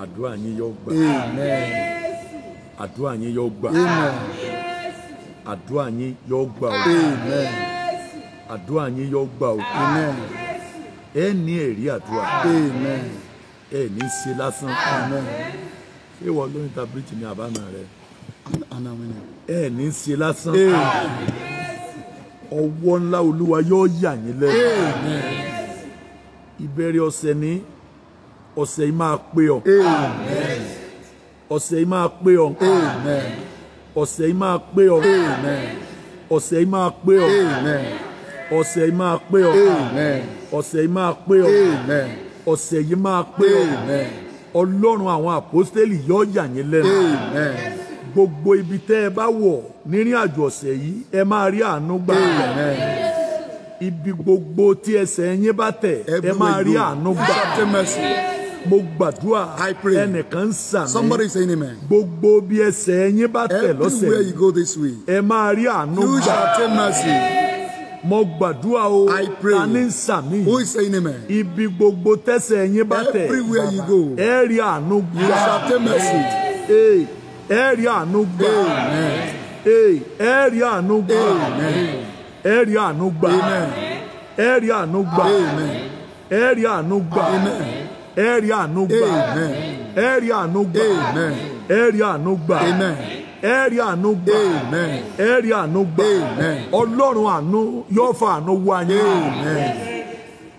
àdúrà yín yóò gbà àdúrà yín yóò gbà àdúrà yín yóò gbà o àdúrà yín yóò gbà o ẹ ní ẹ̀rí àdúrà ẹ ní ṣe lásán ìwọ ló ń ta bíríìjì ní àbámọ rẹ ẹ ní ṣe lásán ọwọ́ ńlá olúwa yóò yà yín lẹ́nu ìbẹ̀rẹ̀ ọ̀sẹ̀ ni. ọ̀sẹ̀ yìí máa pé ọ. ọ̀sẹ̀ yìí máa pé ọ. ọ̀sẹ̀ yìí máa pé ọ. ọ̀sẹ̀ yìí máa pé ọ. ọ̀sẹ̀ yìí máa pé ọ. ọ̀sẹ̀ yìí máa ọ. ọ̀sẹ̀ yìí máa ọ. ọlọ́run àwọn àpọ́stélì yọ yà yín gbogbo ibi tẹ́ ẹ bá wọ̀ nírìn àjò ọ̀sẹ̀ yìí ẹ máa rí àánú ibi gbogbo tí ẹsẹ̀ yín bá tẹ̀ ẹ máa rí àánú gbà. mo gbàdúrà ẹnìkan ń sàmì. somebody say amen. gbogbo bí ẹsẹ̀ ẹ̀yin bá tẹ̀ lọ́sẹ̀. everywhere you go this way. ẹ máa rí àánú gbà. you shall obtain mercy mo gbàdúrà o ta ní sàmì ibi gbogbo tẹsẹ̀ yín bá tẹ̀ ẹ rí àánú gbà ẹ rí àánú gbà ẹ rí àánú gbà ẹ rí àánú gbà ẹ rí àánú gbà ẹ rí àánú gbà. Area rí àánú gbà ẹ rí area gbà ẹ rí àánú gbà ẹ rí àánú gbà ẹ rí àánú gbà ọlọ́run àánú yóò fa àánú wá yín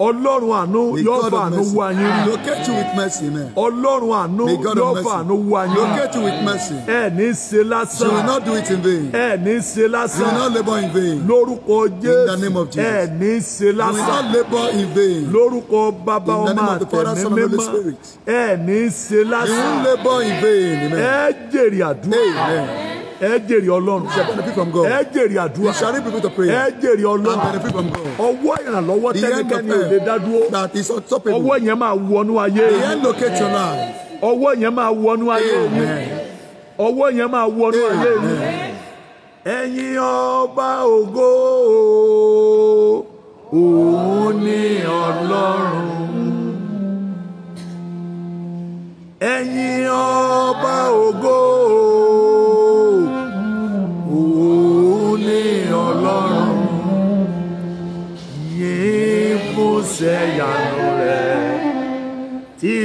ọlọ́run àánú yóò fà àánú wá yín rí. locate you with mercy man. ọlọ́run àánú yóò fà àánú wá yín rí. locate you with mercy. ẹ ní ṣe lásán. you will not do it in vain. ẹ ní ṣe lásán. you will not labour in vain. lórúkọ jésù. in the name of jesus. ẹ ní ṣe lásán. you will not labour in vain. lórúkọ bàbá ọmọ àtẹ̀mí mímọ́. ẹ ní ṣe lásán. you will labour in vain. ẹ jèrè àdúrà. amen ẹ jèrè ọlọ́run ẹ jèrè àdúrà ẹ jèrè ọlọ́run ọwọ́ ìrànlọ́wọ́ tẹ́nìkan mi ò lè dá dúró ọwọ́ yẹn máa wọnú ayé ọwọ́ yẹn máa wọnú ayé mi ọwọ́ yẹn máa wọnú ayé mi ẹ̀yin ọba ògo òun ni ọlọ́run ẹ̀yin ọba ògo. se janule, ti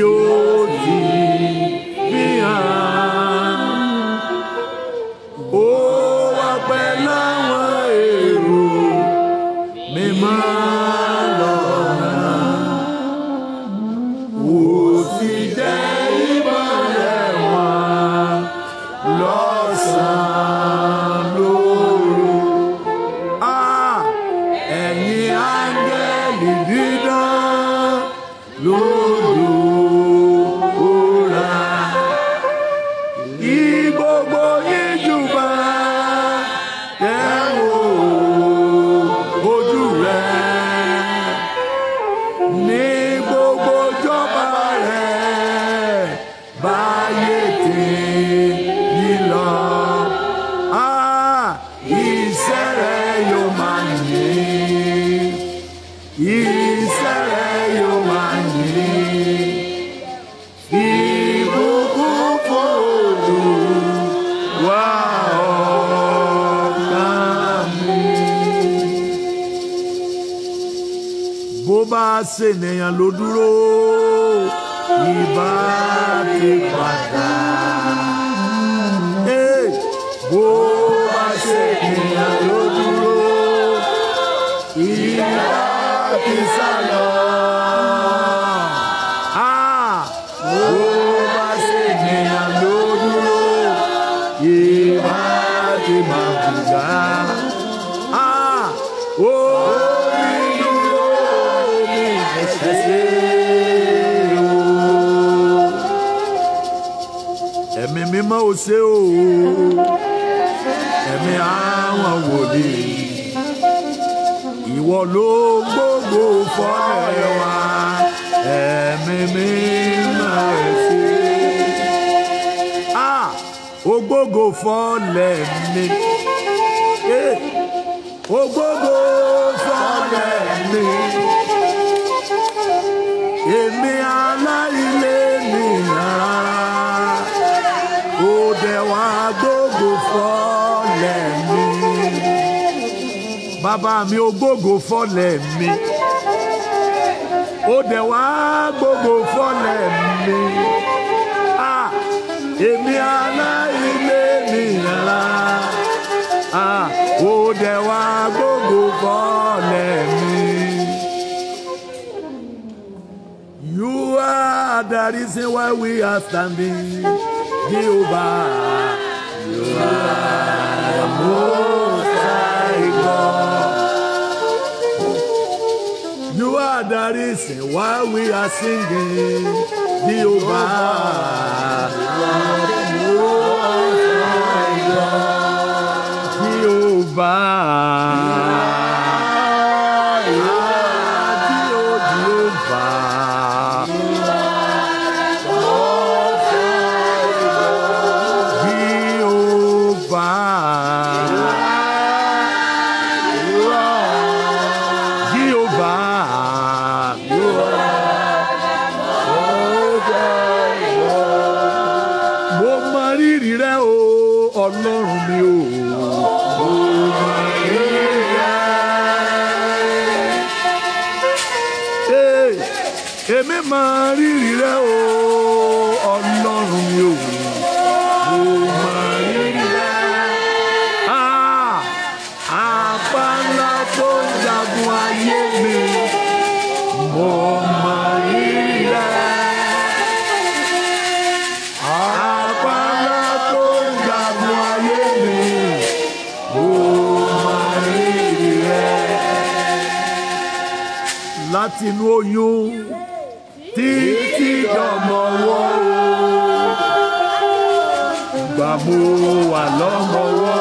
mo wà lọ́mọwọ́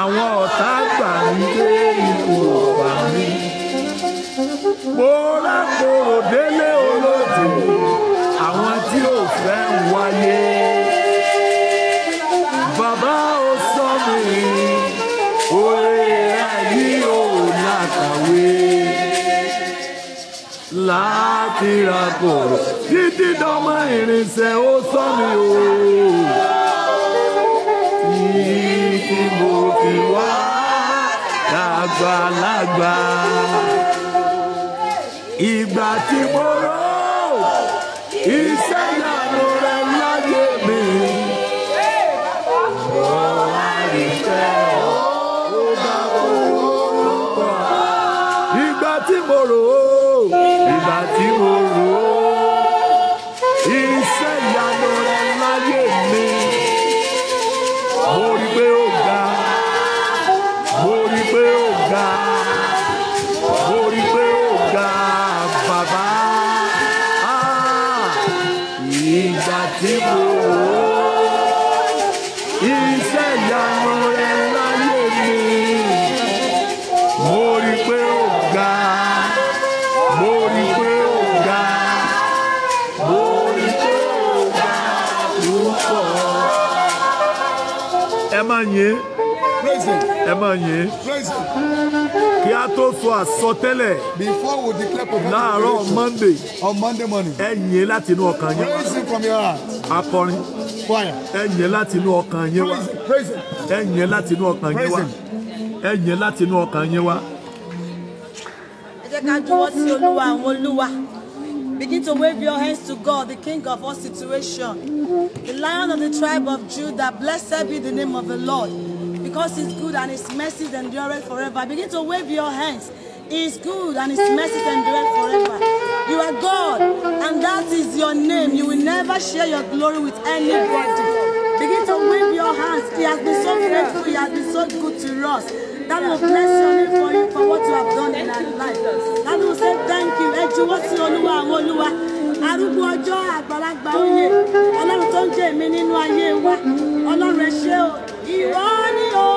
àwọn ọ̀tá gbà mí dé ipò ọ̀bà mi. mo rákò délé olódò àwọn tí ò fẹ́ wáyé. bàbá ò sọ mi òye ayé ò làkàwé láti ra kọ̀rọ̀ títí dọ́mọ ìrìnsẹ̀ ó sọ mi o. àgbàlagbà ìgbà tí mo. ẹ máa yìn kí a tó sọ àsọtẹ́lẹ̀ láàárọ̀ monday ẹ yìn láti inú ọkàn yín wá akọrin ẹ yìn láti inú ọkàn yín wá ẹ yìn láti inú ọkàn yín wá ẹ yìn láti inú ọkàn yín wá. ẹ jẹ́ ká jọwọ́ sí olúwa àwọn olúwa. Begin to wave your hands to God, the King of all situation, the Lion of the tribe of Judah. Blessed be the name of the Lord because it's good and his mercy endureth forever. Begin to wave your hands. It's good and his mercy endureth forever. You are God, and that is your name. You will never share your glory with anybody. Begin to wave your hands. He has been so faithful. He has been so good to us. That will bless your name for you for what you have done in our life. That will say thank you. Ẹ juwọ́ sí Olúwa àwọn Arúgbó ọjọ́ àgbàlagbà oyè. Ọlọ́run tó ń jẹ́ èmi nínú ayé wa ọlọ́run ẹ ṣé o ìwọ ni o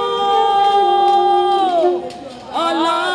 ọlọ́run.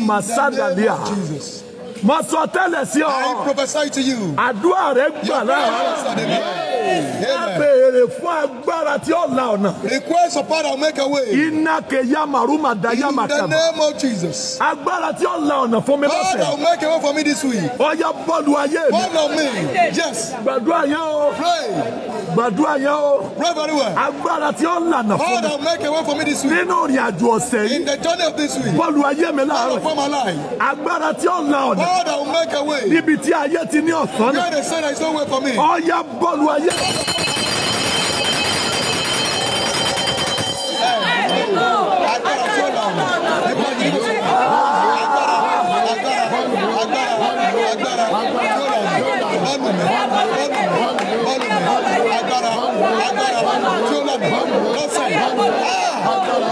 Masadalia. Mo sọ tẹ́lẹ̀ sí ọ. I prophesy to you. Àdúrà rẹ gbà láàárọ̀. A béèrè fún agbára tí ó la ọ̀nà. Request power make a way. In the name of Jesus. Agbára tí ó la ọ̀nà make a way for me this week. Ọya bọ́ọ̀lù ayé mi. Bọ́ọ̀lù Yes. Gbàdúrà yẹn o. Pray gbàdúrà yẹn o. pray very well. agbára tí ó lànà fún mi. God will make a way for me this week. nínú ìrìn àjò ọ̀sẹ̀ yìí. in the journey of this week. bọ́ọ̀lù ayé mi láàárọ̀. God will my life. agbára tí ó la God will make a way. níbi tí ayé ti ní ọ̀sán náà. where they say there is no way for me. ọ̀ya bọ́ọ̀lù ayé. Oh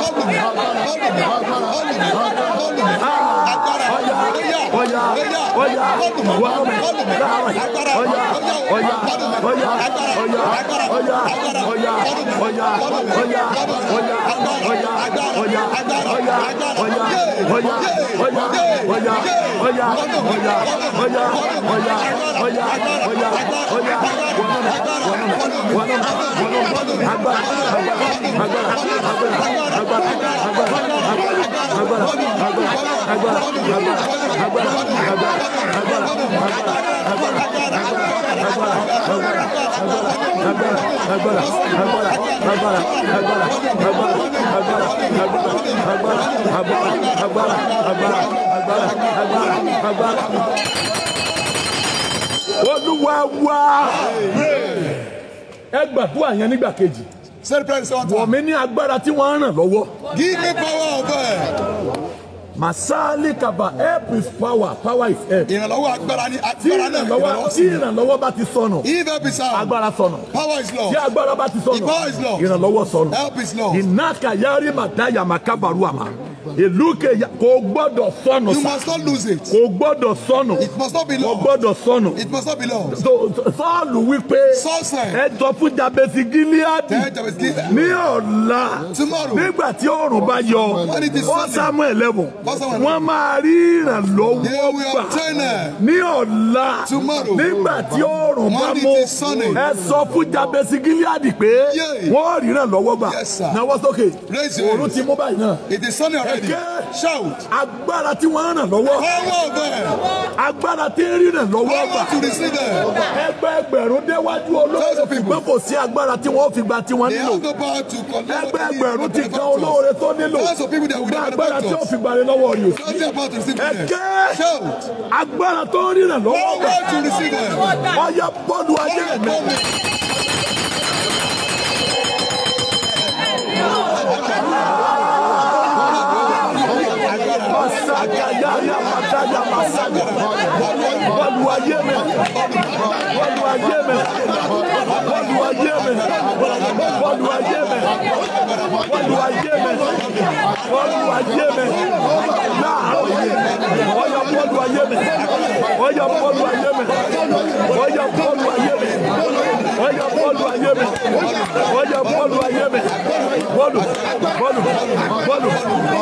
yeah. Habara, habara, habara, habara, habara, habara. olúwa wá ẹ gbàdúrà yẹn nígbà kejì. said mi ní agbára tí wọ́n ràn lọ́wọ́. give me power of God. Masali help is power power is help. Ìrànlọ́wọ́ agbára ni agbára náà ìrànlọ́wọ́ sí. Tí ìrànlọ́wọ́ bá ti sọnù. If help is out. Agbára sọnù. Power is lost. Tí agbára bá ti sọnù. The power is lost. Ìrànlọ́wọ́ sọnù. Help is lost. Ìnáka yari kábàrú àmà ìlú kejì kò gbọ́dọ̀ sọnù. you must not lose it. kò gbọ́dọ̀ sọnù. it must not be lost. kò gbọ́dọ̀ sọnù. it must not be lost. sọ́ọ̀lù wípé. sọ́ọ̀sẹ̀. ẹ jọ fún jabesi gileadi. tẹ jabesi gileadi. ní ọ̀la. tomorrow. nígbà tí oòrùn bá yọ. when it is sunday. ọ̀sàmù ẹlẹ́wọ̀n. ọ̀sàmù ẹlẹ́wọ̀n. wọ́n máa rí ìrànlọ́wọ́ gbà. they will obtain it. ní ọ̀la. tomorrow. nígbà tí oòrùn bá mú. when it is sunday. ẹ sọ fún jabesi gileadi pé. wọ́n rí ìrànlọ́wọ́ gbà. yes sir. náwó sókè. raise your hand. oòrùn ti mú báyìí náà. it is sunday already ready. shout. agbára tí wọ́n ràn lọ́wọ́. ọwọ́ ọbẹ̀. agbára tí ń rìnà lọ́wọ́ ọba. ọwọ́ to receive it. ẹgbẹ́ ẹgbẹ̀rún déwájú olóore ṣùgbọ́n kò sí agbára tí wọ́n fi gba tí wọ́n nílò. ẹgbẹ́ ẹgbẹ̀rún ti kan olóore tó nílò. ṣùgbọ́n agbára tí wọ́n fi gba rẹ lọ́wọ́ rẹ o. ẹgbẹ́ agbára tó ń rìnà lọ́wọ́ ọba. ọwọ́ to receive it. ayamada yamasaga Olúwa yé mi Olúwa yé mi Olúwa yé mi Olúwa yé mi Olúwa yé mi Olúwa yé mi láàárọ̀ yìí ọyọ Olúwa yé mi ọyọ Olúwa yé mi ọyọ Olúwa yé mi ọyọ Olúwa yé mi ọyọ Olúwa yé mi bọ́ọ̀lù bọ́ọ̀lù bọ́ọ̀lù.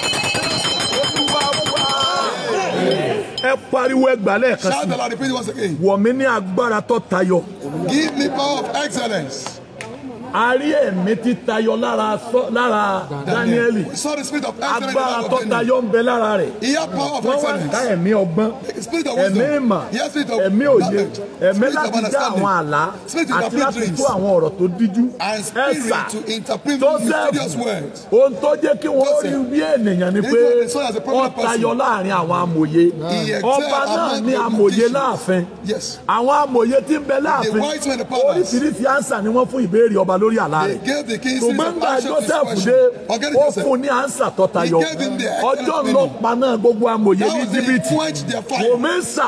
ẹ pariwo ẹgbàá lẹ́ẹ̀kan sí. shout the lord repeat once again. wọ̀mí ní agbára tó tayọ. give me power of excellence a rí ẹ̀mí tí tayọ lára lára Dáníẹ́lì agbára tó tayọ ń bẹ lára rẹ̀ wọ́n wá ká ẹ̀mí ọgbọ́n ẹ̀mí ìmọ̀ ẹ̀mí òye ẹ̀mí láti dá àwọn àlá àti láti tú àwọn ọ̀rọ̀ tó díjú ẹ̀sà tó sẹ́ẹ̀bù ohun tó jẹ́ kí wọ́n rí bí ènìyàn ni pé wọ́n tayọ láàrin àwọn amòye ọba náà ní amòye láàfin àwọn amòye tí ń bẹ láàfin oríṣiríṣi ansa ni wọ́n fún ìbéèrè ọba lórí àlá rẹ̀ tòmọ́ngbà Joseph dé ó fún ní ansa tọ́tayọ ọjọ́ ńlọ paná gbogbo amòye ní jìbìtì kòmẹ́sà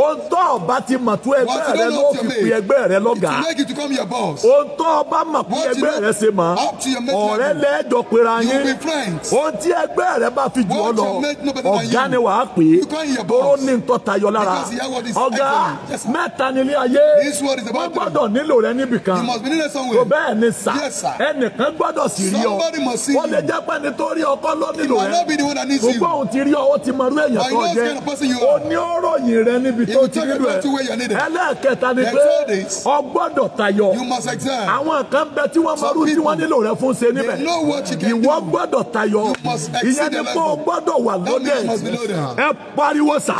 ohun tó ọba ti mọ̀ tó ẹgbẹ́ rẹ ló fi pin ẹgbẹ́ rẹ lọ́gàá ohun tó ọba mọ̀ pin ẹgbẹ́ rẹ ṣe mọ̀ ọ̀rẹ́ lẹ́ẹ̀jọ pera yín ohun tí ẹgbẹ́ rẹ bá fi jù ọ lọ ọ̀gá ni wàá pè é tó ní tọ́tayọ lára ọ̀gá mẹ́ta nílé ayé wọ́n gbọ́dọ̀ nílò rẹ níbìkan kò b bẹ́ẹ̀ ni sà ẹnìkan gbọ́dọ̀ sì rí ọ wọ́n lè jẹ́ pẹ́ni tó rí ọkọ́ lónìí rẹ̀ ṣùgbọ́n òun ti rí ọ ó ti mọ irú èèyàn tó jẹ́ ó ní ó ròyìn rẹ níbi tó ti rí rẹ ẹlẹ́ẹ̀kẹta ni pé ọ gbọ́dọ̀ tayọ àwọn kan bẹ tí wọ́n mọ irú tí wọ́n nílò rẹ fún ṣe níbẹ̀ ìwọ gbọ́dọ̀ tayọ ìyẹn ni pé o gbọ́dọ̀ wà lóde ẹ pariwo sà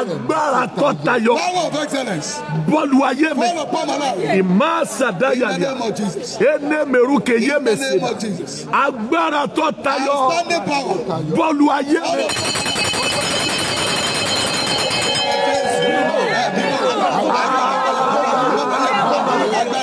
agbára tó tayọ bọ́ọ̀lù ayé mi ìmọ̀ àṣàdáyà ni of Jesus. Ene meruke ye mesina. Agbára tó tayọ. Bọ́ọ̀lù ayé mi. Agbára.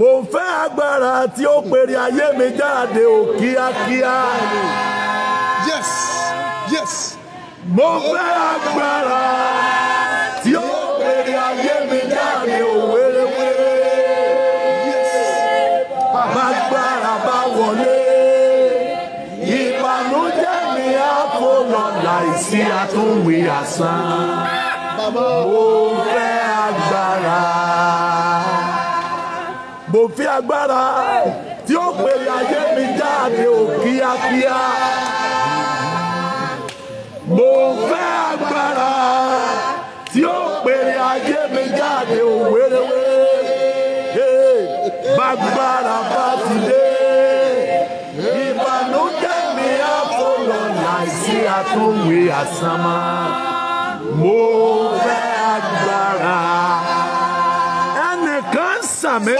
mo ń fẹ́ agbára tí ó pèrè ayé mi jáde ò kíákíá. yes yes. mo ń fẹ́ agbára tí ó pèrè ayé mi jáde ò wéréwéré. yes. bàbá agbára bá wọlé ìbànújẹ́ mi á kó lọ láìsí àtúnwí àsán. mo ń fẹ́ agbára. kò fi agbára tí ó pèrè ayé mi jáde ò kíákíá. Mo fẹ́ agbára tí ó pèrè ayé mi jáde ò wéréwé. Bágbára bá ti dé, ìbànújẹ́ mi á fò láìsí àtúnwé àsánmá. Mo fẹ́. àmín.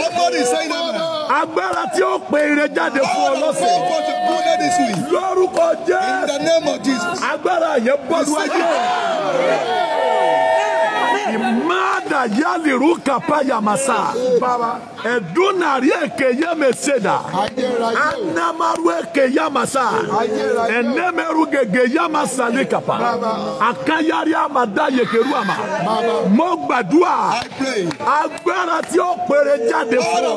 agbára tí ó pe ire jáde fún ọ lọ́sẹ̀. lórúkọ Jésù agbára yẹn bọ́dú ayé imada yali ruka paya masa eduna rieke yeme seda anamaru eke yamasa enemeru gege yamasa likapa akayari amada yekeru ama mo gbàdúrà agbára tí ó pèrè jáde fún ọ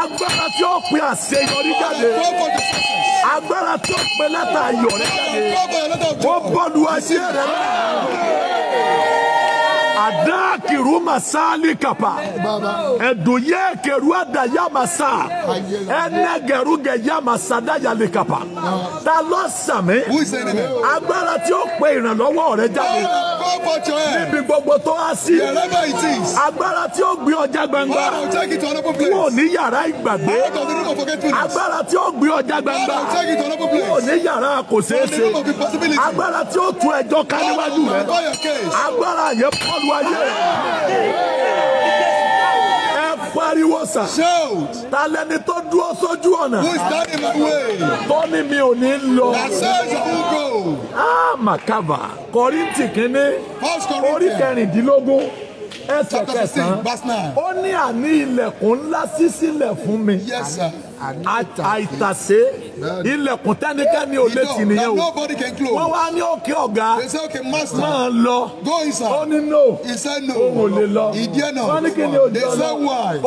agbára tí ó pè àṣeyọrí jáde agbára tí ó pè lẹ́tà ayọ̀ rẹ jáde ó bọ́ọ̀lù àṣẹ rẹ náà adaakiru masali kapa eduye keru adaya masa ẹnẹgẹru gẹya masada yali kapa ta ló sàmì agbára tí ó pe ìrànlọ́wọ́ rẹ jáde níbi gbogbo tó há sí agbára tí ó gbé ọjà gbangba kúrò ní yàrá ìgbàgbé agbára tí ó gbé ọjà gbangba kúrò ní yàrá kò ṣeé ṣe agbára tí ó tu ẹjọ́ ká níwájú rẹ agbára yẹn pọ́lù pẹ̀lú ayé ẹ pariwo sà ta lẹni tó dúró sójú ọ̀nà tó mi ò ní lọ àmàkàbà Kọ́ríńtì kínní orí kẹrìndínlógún ẹsẹ̀ kẹsàn-án ó ní àní ilẹ̀kùn ńlá ṣí sílẹ̀ fún mi. Yes, sir àìtàsé ilẹ̀kùn tẹ́nikẹ́ni ò lè tì nìyẹn o wọ́n wá ní òkè ọ̀gá máa lọ ó ní no òun ò lè lọ wọ́n ní kí ni òjò lọ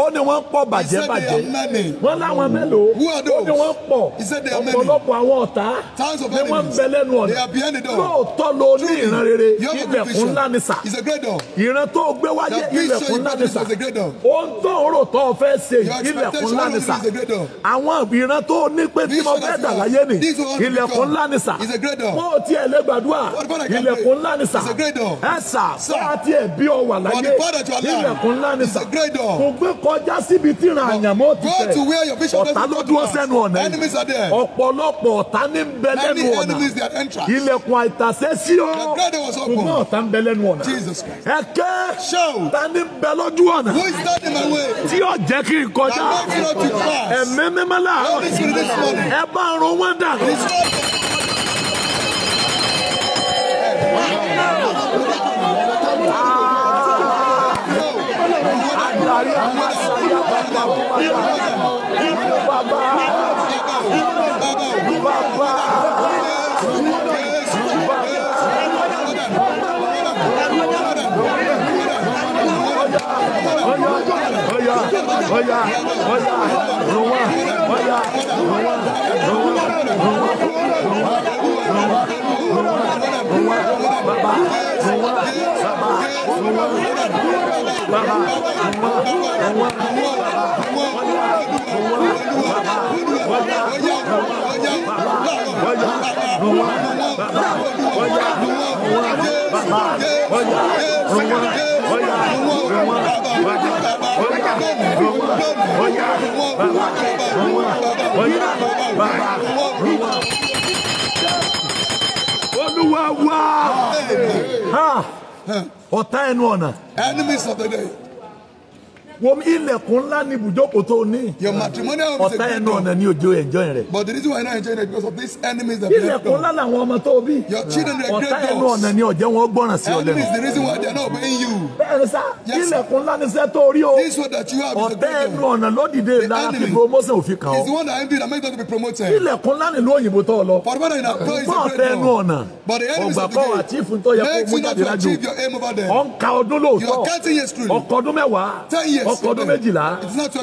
ó ní wọ́n pọ̀ bàjẹ́ bàjẹ́ wọ́n láwọn mélòó ó ní wọ́n pọ̀ ọ̀pọ̀lọpọ̀ àwọn ọ̀tá ni wọ́n ń bẹ lẹ́nu ọ̀nà lóòótọ́ ló ní ìran rere ilẹ̀kùn ńlá ni sà ìran tó gbé wáyé ilẹ̀kùn ńlá ni sà ohun tó ń rò tó fẹ́ ṣe ilẹ̀kùn ńlá ni sà àwọn ìran tó ní pé tí mo fẹ́ dà láyé ni ilẹ̀kùn ńlá ni sà mo ti ẹ̀ lè gbàdúrà ilẹ̀kùn ńlá ni sà ẹ sà bá tiẹ̀ bí ọ wà láyé ilẹ̀kùn ńlá ni sà kò gbé kọjá síbi tí ìran àyànmọ́ ti tẹ̀ ọ̀tá ló dúró sẹ́nu ọ̀nà yìí ọ̀pọ̀lọpọ̀ ọ̀tá ní bẹ lẹ́nu ọ̀nà ilẹ̀kùn àìtàsẹ́ sí ọ ṣùgbọ́n ọ̀tá ń bẹ lẹ́nu ọ̀nà ẹ̀kẹ́ ta ní bẹ lójú ọ̀nà tí ọ̀jẹ́ kí n kọjá ẹ̀mí mímọ́ láàárọ̀ ẹ bá ń ro wọ́n dànù. ọ̀yà ọ̀yà rọwà ọ̀yà rọwà rọwà rọwà rọwà rọwà rọwà bàbá rọwà bàbá rọwà bàbá rọwà rọwà bàbá ọ̀yà rọwà bàbá ọ̀yà rọwà bàbá ọ̀yà rọwà bàbá ọ̀yà rọwà bàbá ọ̀yà rọwà ọ̀yà rọwà bàbá bàbá bàbá bàbá bàbá. Olúwa wá! Ọ̀tá ẹnu ọ̀nà. Enemies of the day wo ilẹ̀kùn ńlá ni ibùjókòó tó ní. your matrimonial home is a good one. ọ̀tá ẹnu ọ̀nà ni òjò enjoy rẹ̀. but the reason why i no enjoy it because of these enemies that break down. ilẹ̀kùn ńlá làwọn ọmọ tó bí. your children are great dogs. ọ̀tá ẹnu ọ̀nà ni ọ̀jẹ̀ wọn gbọ́ràn sí ọ̀lẹ́nu. enemy is the reason why they are not obeying you. bẹ́ẹ̀ni sá ilẹ̀kùn ńlá ni sẹ́ tó rí o. this one that you have is a good one. ọ̀tá ẹnu ọ̀nà ló dìde lára fi promotion òfin kan o. it's the one that envy that make them be promoted. ilẹ̀kùn ńlá nílùú òyìnbó tó lọ. for the matter one. but is a big one. you achieve your aim over them. ọ̀nkà ọdún lóòótọ́ ọkọ̀ ọdún mẹ́wàá ọkọ̀ ọdún méjìlá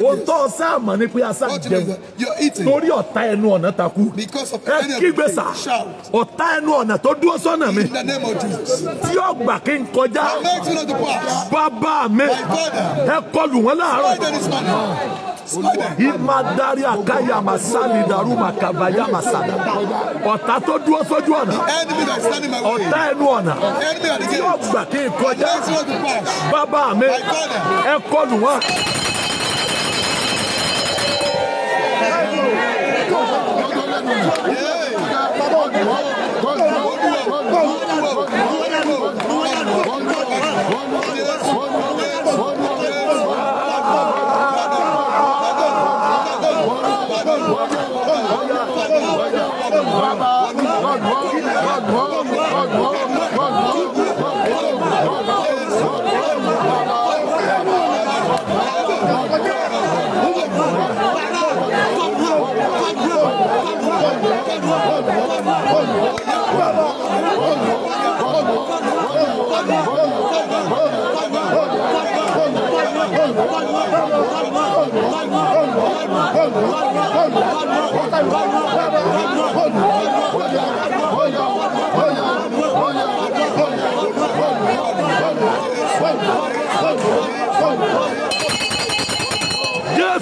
o tọ́ sáàmù ni pé asá jẹun torí ọ̀tá ẹnu ọ̀nà takú ẹ kígbe sá ọ̀tá ẹnu ọ̀nà tó dúró sọ́nà mi tí ó gbà kí n kọjá bàbá mi ẹ kọlù wọn láàárọ̀ imadari akaya masali daruma kabaya masada ọ̀tá tó dúró sójú ọ̀nà ọ̀tá ẹnu ọ̀nà tí ó kí n kọjá bàbá mi ẹ kọlù wọn Yeah. Yes,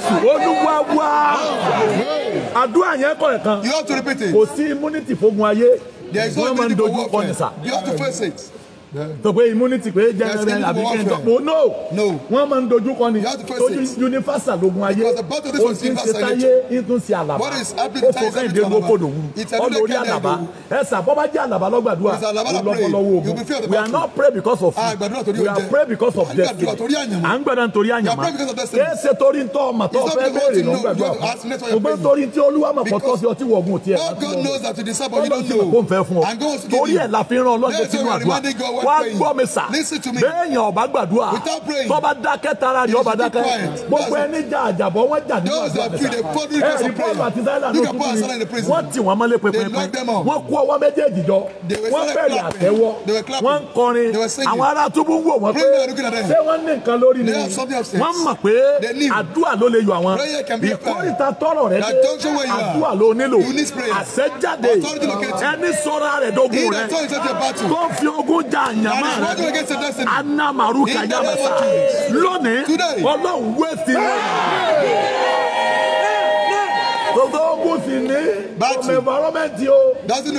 Jésù Olúwa àdúrà yẹn kọ̀ ẹ̀kan kò sí immunity fógun ayé wọ́n máa ń dojú kọ nìsa. you have to face it tó pé immunity pé general àbí kẹjọ pé oh, no wọ́n máa ń dojú kọ ni ojú universal ogun ayé o ti ń ṣe táyé ń tún àlàbà ó fò ká ìdè gbogbo fòdò wù ọ àlàbà ẹ bọ́ bá jẹ́ àlàbà lọ́gbàdúrà lọ́wọ́lọ́wọ́ ogun we are not pray because of food ah, we are pray because of death à ń gbàdúrà nítorí àyànmá kìí ṣe torí ntọ́ ọmọ tó fẹ́ bẹ́ẹ̀rẹ̀ ló kò bẹ́ẹ̀ torí tí olúwa mọ̀ kọ́ tọ́ ọtí wọ̀gùn ti ẹ̀ wá gbọ́ mi sà bẹ́ẹ̀yàn ọba gbàdúrà tọ́ba dákẹ́ tara rẹ̀ ọba dákẹ́ gbogbo ẹni jà àjàbọ̀ wọ́n jà nínú àdúrà mi sà ẹ̀rí Paul àti Sílà ló tutù ni wọ́n tì wọ́n mọ́lé pẹ́pẹ́pẹ́ wọ́n kó ọwọ́ méjèèjì jọ wọ́n bẹ̀rẹ̀ àtẹ́wọ́ wọ́n ń kọrin àwọn ará túbú ń wò wọ́n pé ṣé wọ́n ní nǹkan lórí ni wọ́n mọ̀ pé àdúrà ló lè yọ àwọn ìkórìtà tọrọ rẹ dé àdúrà ló nílò àṣẹjáde ẹni sọ́ra rẹ̀ dógún rẹ tó fi ogún já ànyàmá rẹ anamaru kanyamasa lónìí ọlọ́run wé sí lónìí gbogbo ogun sì ní omi environment o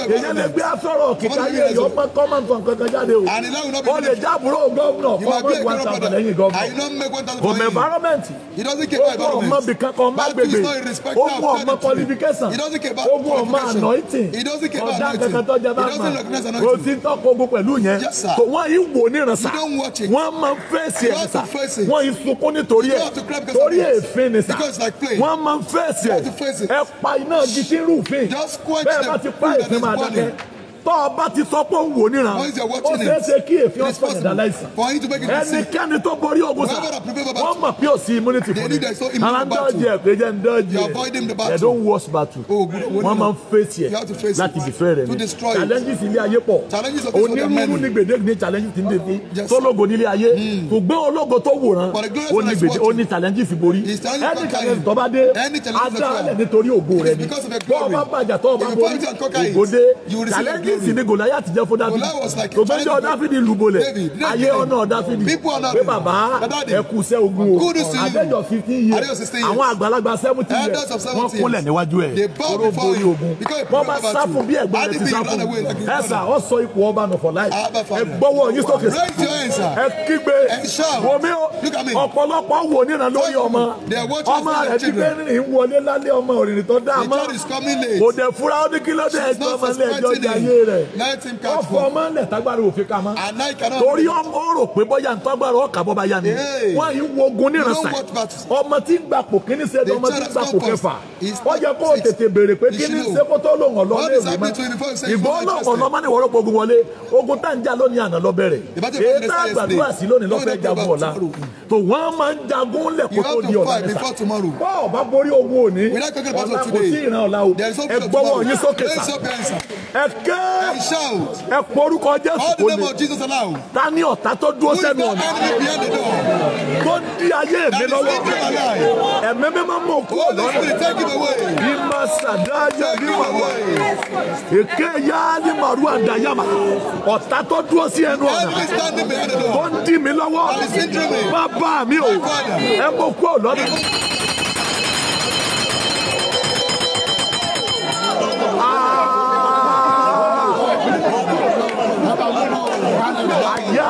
èyàn lè gbé asọ̀rọ̀ kíkà yé èyàn pẹ́ common kan kankan jáde o o lè jábúrò gómìnà kọ́ ọmọ ìwà sàmì lẹ́yìn gómìnà omi environment ogun ọmọ bìkan kan ọmọ agbègbè ogun ọmọ qualification ogun ọmọ anointing ọ̀dà kankan tó jẹ bá ma o ti tọ́ kogun pẹ̀lú yẹn wọ́n yìí wò ní ìrànṣà wọ́n máa ń fèsì ẹ̀ṣà wọ́n yìí sunkún nítorí ẹ̀ torí èéfín ni sà wọ́n máa ń fèsì ẹ̀ ẹ pa iná gidi rúfin bẹ́ẹ̀ bá ti pa ìfẹ́ máa dákẹ́ tọ́ ọ bá ti sọ pé ń wò níran ó ṣeé ṣe kí èéfín ọ̀sán ẹ̀dá láìsàn ẹnikẹ́ni tó borí ogun sá wọ́n mọ̀ pé ò sí immunity fún mi ara ń dọ́ọ̀jì ẹ̀pẹ́ jẹ́ ń dọ́ọ̀jì ẹ̀ ẹ̀ don't worse battle oh, wọ́n máa ń face yẹ láti dìfẹ́ rẹ̀ ni challenges ilé ayé pọ̀ onírúurú ní gbèdéke ní challenges ti ń dè fi tólógo oh, nílé ayé hmm. kò gbé ológo tó wòran ó ní gbèdé ó ní challenges ìborí ẹni challenge tó bá dé adá rẹ̀ nítorí ògo rẹ̀ ni bọ́ọ̀ bá bàjẹ́ tó bá borí ògo dé challenges Goliath ni Goliath jẹ́ fún Dáfídì. Gbogbo ìjọ Dáfídì lu bolẹ̀. Ayé ọ̀nà Dáfídì. Pé bàbá ẹkù sẹ́ ogun o. Àbẹ́jọ fifteen years. Àwọn àgbàlagbà seventy years. Wọ́n kúnlẹ̀ níwájú ẹ̀. Oró borí ogun. Wọ́n máa sá fún bí ẹ̀gbọ́n rẹ̀ ti sá fún. Ẹ sà ọ sọ ipò ọba nù for life. Ẹ gbọ́wọ́ yín sókè sí. Ẹ kígbe. Wòmí ọ̀pọ̀lọpọ̀ wò níran lórí ọmọ. Ọmọ rẹ̀ ti gbé ìwọlé lálé ọmọ òrìrì tó dá àmọ́. Kò dẹ̀ fúra ó ní kí ló dé ẹjọ́ ọmọ ilé ẹjọ́ ìjà yé rẹ̀ rẹ̀ wọ́n fọ ọmọ ńlẹ̀ tágbára òfin ká mọ́ torí ọmọ rò pé bọ́yá ń tágbára ọkà bọ́ba ya ni wọ́n yìí wo ogun ọmọ tí ń gba pò kíní ṣe ọmọ tí ń gba pò kẹfà ó yẹ kó o tètè béèrè pé kíní ṣe kó tó lòun ọ̀lọ́ lé ìwé mọ́ ìbọn náà ọ̀nà má ní wọ́rọ́pọ̀ ogun wọlé ogun tá ń jà lónìí àná lọ bẹ̀rẹ̀ èyí àgbàdúrà sí lónìí lọ́fẹ́ jagun ọ̀la tó wọ́n máa ń jagun lẹ̀ tó di ọ̀la mẹ́ta bọ́ ọ̀bá borí ogun òní ọ̀la kò tí ì ẹ pọ orúkọ jésù kò lè ta ní ọ̀tá tó dúró sẹ́nu ọ̀nà tó dí ayé mi lọ́wọ́ ẹ̀mí mi máa mọ̀ kúrò lọ́nà bí máa ṣàdáyé bí wà wá èké yá ní màrú àdáyàmà ọ̀tá tó dúró sí ẹnu ọ̀nà tó ń dí mi lọ́wọ́ bàbá mi ò ẹ mọ̀ kúrò lọ́nà. Ah! Yeah, yeah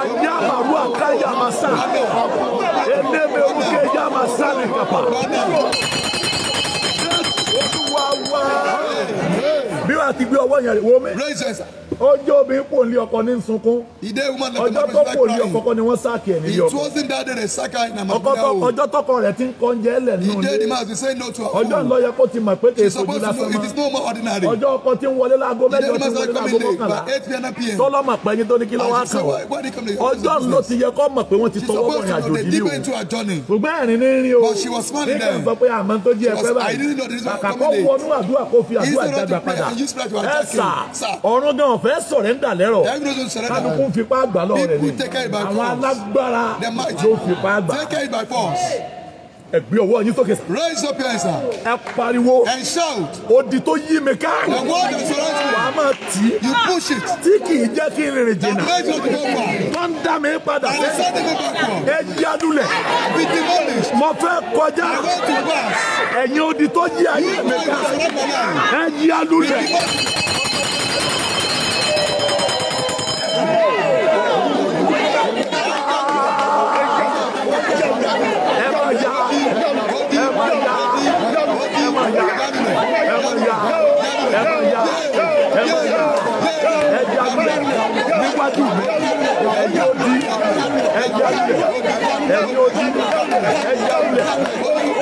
anyamaru akaya masa enemeruke yamasa nikapa. Wa wa náà ti gbé ọwọ́ yẹn rè wọ́n mi. raise it. ọjọ́ obìnrin pò ní ọkọ ní sunkún. ọjọ́ tó pò ní ọkọ kọ́ ni wọ́n sáàkì ẹ̀ níyọkọ. it wasn't that day they in Amadiya o. ọjọ́ tọkọ rẹ̀ ti ń kọ́ oúnjẹ ẹlẹ̀ nù. ìdè the man be no to her own. ọjọ́ ńlọ yẹ kó ti mọ̀ pé kì í sojú lásán mọ́. it is no more ordinary. ọjọ́ ọkọ ti ń wọlé láago mẹ́jọ ti ń wọlé láago mọ́kànlá. tọ́lọ́ mọ̀ pé ẹni tó ní kí lọ́wọ́ kàn wọ́n. ọjọ́ ńlọ ti yẹ kó mọ̀ pé wọ́n ti tọwọ́ bọ̀ ìrìn àjò yìí o. ṣùgbọ́n ẹ̀rín ní rí o. nígbà sọ pé àmọ́ tó jẹ́ ẹ̀fẹ́ báyìí. kàkà kó desperate you are attacking. ọ̀run gan ọ̀fẹ́ sọ̀rẹ́ndà lẹ́rọ̀ kálukú fipá àgbà lọ rẹ̀ ni àwọn alágbára ló fipá àgbà. take ọwọ́ yín sókè. Raise up your hands. Ẹ pariwo. And shout. Odi tó yí mi ká. The word that surrounds me. Wàá máa tì í. You push it. Tí kì í jẹ́ kí n rìn jìnnà. The place of the power dá mi padà. ẹ jadulẹ̀. mo fẹ́ kọjá. ẹ̀yin odi tó jí ayé mi ká. ẹ jadulẹ̀. Hey! ẹ̀yin ojú ẹ̀yin alulẹ̀ ẹ̀yin ojú ẹ̀yin alulẹ̀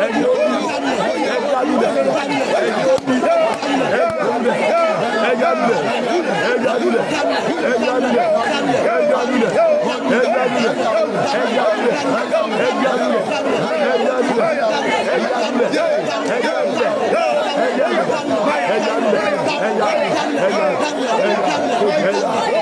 ẹ̀yin ojú ẹ̀yin alulẹ̀ ẹ̀yin alulẹ̀ ẹ̀yin alulẹ̀ ẹ̀yin alulẹ̀ ẹ̀yin alulẹ̀ ẹ̀yin alulẹ̀ ẹ̀yin alulẹ̀ ẹ̀yin alulẹ̀ ẹ̀yin alulẹ̀ ẹ̀yin alulẹ̀ ẹ̀yin alulẹ̀ ẹ̀yin alulẹ̀ ẹ̀yin alulẹ̀ ẹ̀yin alulẹ̀ ẹ̀yin alulẹ̀ ẹ̀yin alulẹ̀ ẹ̀yin alulẹ̀.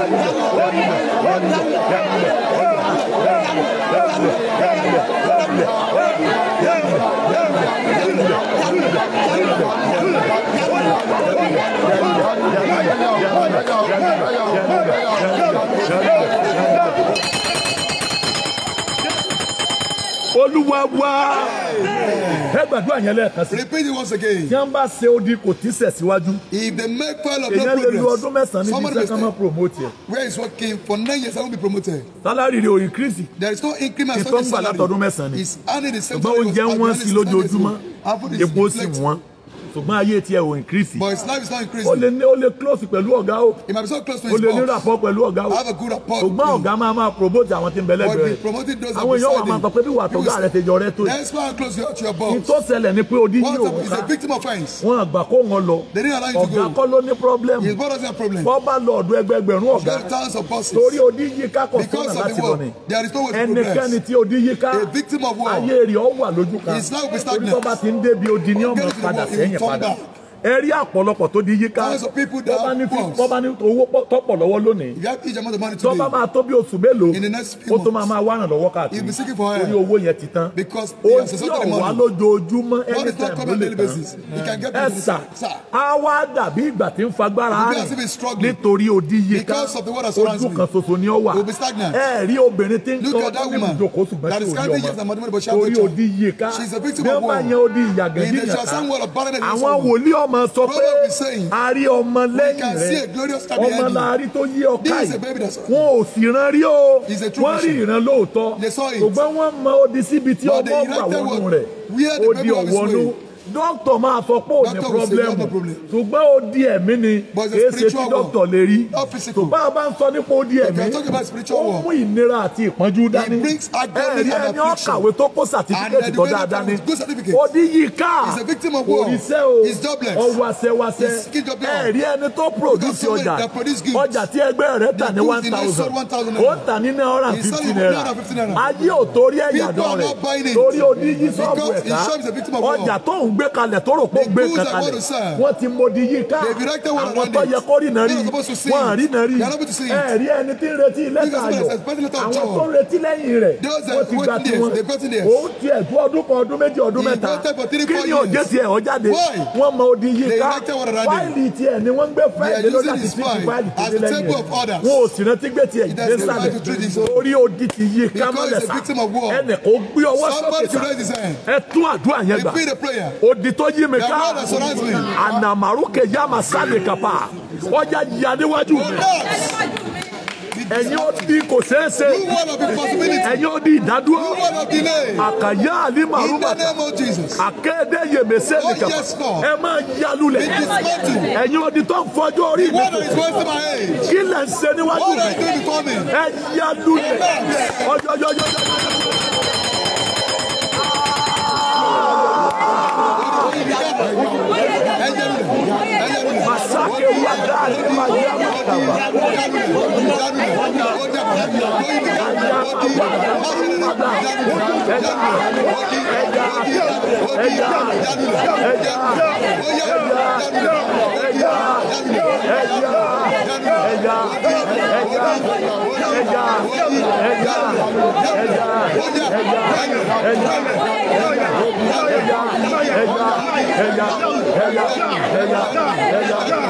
Yeah. olúwa ẹ gbàdúrà yẹn lẹ́ẹ̀kan sí. repeat it once again. tí wọ́n bá ṣe odi kò tí sẹ̀ if they make pile of no progress. èyàn lè lu ọdún mẹ́sàn-án níbi iṣẹ́ kan máa promote yẹ. where is working for nine years I won't be promoted. salary rẹ̀ ò increase. there is no increment. ìtọ́gbà látọdún mẹ́sàn-án ni. is only the same salary. ṣùgbọ́n oúnjẹ wọn sí lójoojúmọ́. epo sì wọ́n ṣùgbọ́n ayé tiẹ̀ ò increase. but his life is not increasing. o lè ní o lè close pẹ̀lú ọ̀gá o. he might be so close to his boss. o lè ní rapport pẹ̀lú ọ̀gá o. I have a good rapport. ṣùgbọ́n ọ̀gá máa máa promote àwọn tí ń bẹ̀lẹ̀ bẹ̀rẹ̀. but be promoting those that be beside him. àwọn èèyàn wà máa sọ pé bí wà tọ́gá rẹ̀ ṣe yọrẹ́ tó yìí. let's go and close your to your boss. ìtò ṣẹlẹ̀ ni pé odi yìí òun ká. is a victim of problem. his boss has a problem. bọ́ bá lọ ọ̀dọ̀ ẹgbẹgbẹ̀rún ọ̀gá. he got thousands of bosses. torí odi yìí ká kọ̀ there is no way to progress. a victim of war. ayé rẹ̀ ọ̀ wà lójú kan. his life will be stagnant. orí bọ́ bá ti ń débi odi ní ọmọ padà sẹ́yìn 好的。ẹ rí àpọ̀lọpọ̀ tó di yíká tọ́ba ní tọ́ba ní owó tọ́pọ̀ lọ́wọ́ lónìí tọ́ba máa tó bí oṣù mélòó ó tó máa máa wá ràn lọ́wọ́ káàkiri torí owó yẹn ti tán ó tí ọ̀wá lójoojúmọ́ anytime ló lè tán ẹ sà á wá dàbí ìgbà tí ń fagbára rìn nítorí odi yíká ojú kan ṣoṣo ni ó wà ẹ rí obìnrin tí ń tọ́ ní ìjókòó ṣùgbọ́n tí ò ní ọmọ torí odi yíká bí wọ́n bá yẹn odi ìyàgẹ́ níyàtá àwọn oh. wòlíọ̀ máa sọ pé a rí ọmọ lẹ́yìn rẹ ọmọ la rí tó yí ọ̀ka yìí wọn ò sì rán rí o wọ́n rí ìran lóòótọ́ ṣùgbọ́n wọ́n mọ odi síbi tí ọmọ wà wọnú rẹ̀ ó di Doctor, máa sọ pé ò ní pọ́blẹ́mù ṣùgbọ́n ó di ẹ̀mí ni kì í ṣe tí dókítà lè rí ṣùgbọ́n a bá ń sọ nípa ó di ẹ̀mí ó mú ìnira àti ìpọ́njú dání ẹ̀rí ẹni ọ̀kàwé tó kó sàtífíkẹ́tì tó dáadáa ní ó di yíká òrìṣẹ́ o ọ̀wàṣẹwàṣẹ ẹ̀rí ẹni tó produce ọjà ọjà tí ẹgbẹ́ rẹ̀ tà ní one thousand ó tà ní nine hundred and fifty naira ayé ò torí ẹ̀yà dán rẹ̀ torí ó di yí sọ́ọ̀bù ẹ̀ká ọjà tó ń g gbé kalẹ̀ tó rò pé gbé kalẹ̀ wọ́n ti modi yìí ká àwọn tó yẹ kó rìnà rí wọ́n àrínà rí ẹ̀rí ẹni tí ń retí lẹ́tà ayọ̀ àwọn tó ń retí lẹ́yìn rẹ̀ wọ́n ti gbà tiwọn òun ti ẹ̀tú ọdún kan ọdún méjì ọdún mẹ́ta kí ni òjé tiẹ̀ ọ jáde wọ́n mọ odi yìí ká fáìlì tiẹ̀ ni wọ́n gbé fáìlì lórí àti tí ti fáìlì ti lẹ́yìn rẹ̀ wọn ò sì rántí gbé tiẹ̀ ìdílé sálẹ̀ orí odi ti yìí ká mọ́lẹ̀ sá ẹnì kò gbé ọwọ́ sókè sá ẹ tún àdúrà yẹn gbà oditoyi mi ká anamaruke yama sani kapa ọjà yà níwájú mi ẹ̀yin ó di kò ṣeé ṣe ẹ̀yin ó di ìdádúró àkàyà àlìmàrúbàtà àkéde yèmẹsẹ nìkan oh, ẹ máa ya lulẹ̀ ẹ̀yin ó di tó ń fọjọ́ orí mi kí lẹ̀ ń ṣe níwájú mi ẹ ya Hey, yeah, hey, yeah, hey, yeah.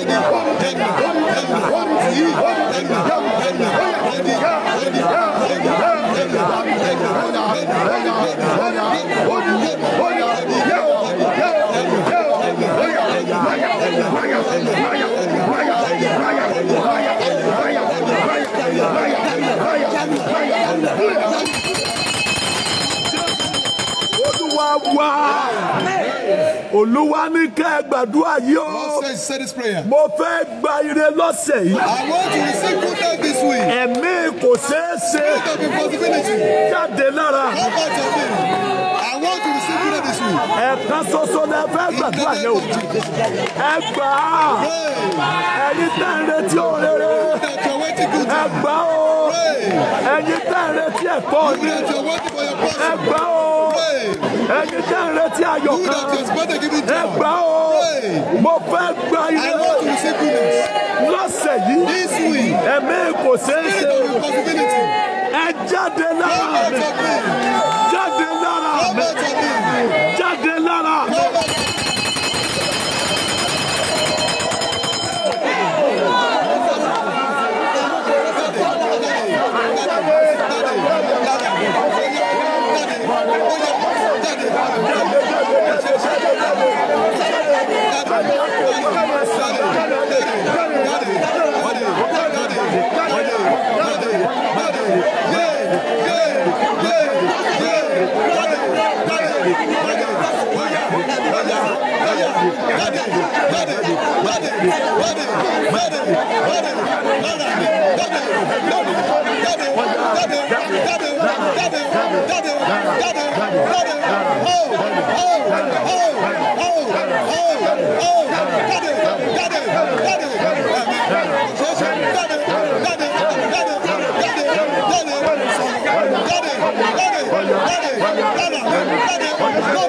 Olúwa ní kẹ́ ẹ gbàdúrà yìí o. Lord says say this prayer. Mo fẹ́ gba ire lọ́sẹ̀ yìí. I want to receive goodness this week. Ẹ̀mí kò ṣeé ṣe. Spirit of impossibility. Jáde lára. Come out of me. I want to receive goodness this week. Ẹ̀kan ṣoṣo lẹ fẹ́ gbàdúrà yẹn o. Ẹ gbà á. Ẹni tẹ́ ń retí òréré. Ẹ gbà ó ẹ̀yin tẹ́ ń retí ẹ̀kọ́ ni ẹ gbà o ẹ̀yin tẹ́ ń retí ayọ̀ kan ẹ gbà o mo fẹ́ gba ire lọ́sẹ̀ yìí ẹ̀mí kò ṣeé ṣe ẹ jáde lára mi jáde lára mi jáde lára mi. Yeah! Ready, ready, ready, ready, ready, ready. Got it.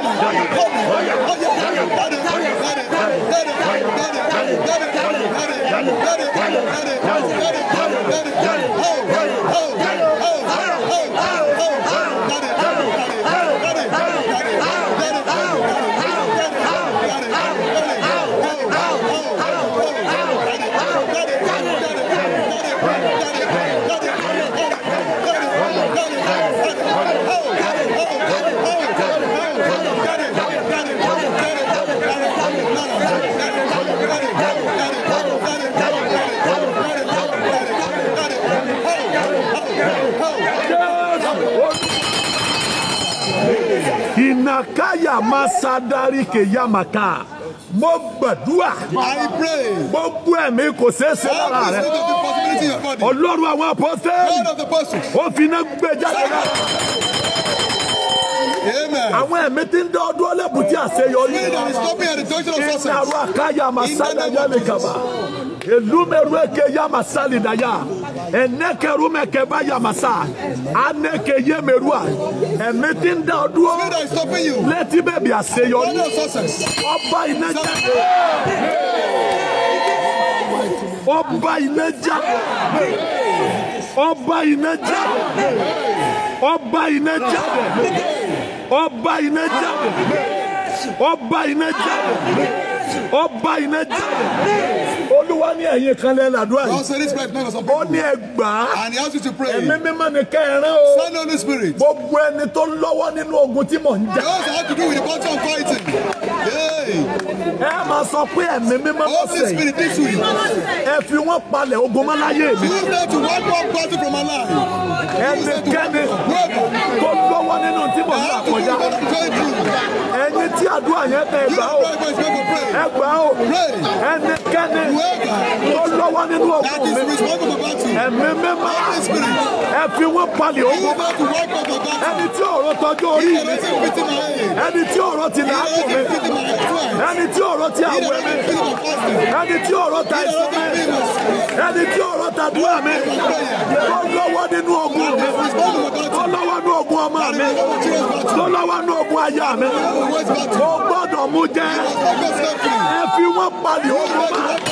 Inakaya masadari sádarí kèyàmàká mo gbàdúrà gbogbo ẹ̀mí kò ṣeé ṣe lára rẹ ọlọ́run àwọn apọ́sẹ́lì ó fi iná náà àwọn ẹ̀mí tí ń dá ọdún ọlẹ́bùn tí àṣeyọrí ìnàrú àkáyà màsálà yálẹ̀kàbà elumeru eke yamasali daya enekerumekeba yamasa aneke yemerua ẹ̀mí tí ń dá ọdún ọ létí àṣeyọrí ọba iná jáde ọba iná jáde ọba iná jáde ọba iná jáde ọba iná jábọ̀ ọba iná jábọ̀ ọba iná jábọ̀ olúwa ní ẹ̀yin kan lẹ́ làdúrà yìí ó ní ẹgbà ẹ̀mí mímọ́ ni kẹrin o gbogbo ẹni tó lọ́wọ́ nínú ogun tí mò ń jà ẹ máa sọ pé ẹ̀mí mímọ́ ló sẹ̀ ẹ fi wọ́n palẹ̀ ogun mọ́ láyé mi. ẹnikẹ́ni tó lọ́wọ́ nínú tí mo gbà kọjá ẹni tí àdúrà yẹn tẹ ẹgbà o ẹgbà o ẹnikẹ́ni tó lọ́wọ́ nínú ọkọ mi ẹ̀mí mímọ́ ẹ fi wọ́n palẹ̀ ogun ẹni tí ọ̀rọ̀ tọjú orí mi ẹni tí ọ̀rọ̀ ti nà á kò mi ẹni tí ọ̀rọ̀ ọ̀rọ̀ ti àwẹ̀ mi ẹni tí ọ̀rọ̀ ta ìsọ mi ẹni tí ọ̀rọ̀ ta dúrà mi tó lọ́wọ́ nínú ogun mi tó lọ́wọ́ nínú ogun ọmọ mi tó lọ́wọ́ nínú ogun aya mi tó gbọ́dọ̀ mú jẹ́ ẹ fi wọ́n palẹ̀ ogun máa.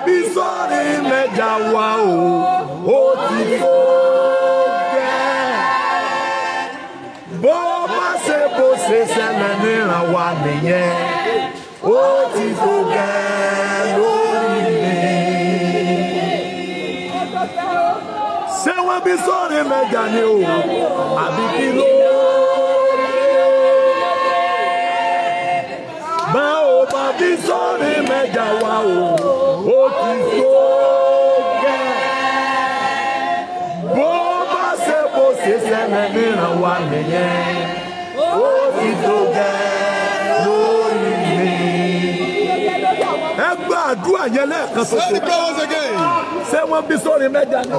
àbí sọ́ọ̀rì mẹ́jà wa o ó ti tó gẹ́. bó má ṣe bó ṣe ṣẹlẹ̀ níran wa nìyẹn ó ti tó gẹ́ lórí mi. ṣé wọ́n bí sọ́ọ̀rì mẹ́jà ni o àbí kí ló. àbí sórí mẹ́jà wa o ó ti tó gẹ́. bó bá ṣe bó ṣe ṣẹlẹ̀ mìíràn wa nìyẹn ó ti tó gẹ́ àdúrà yẹn lẹ́ẹ̀kan ṣoṣo. ṣé wọ́n bí sórí mẹ́jà ni.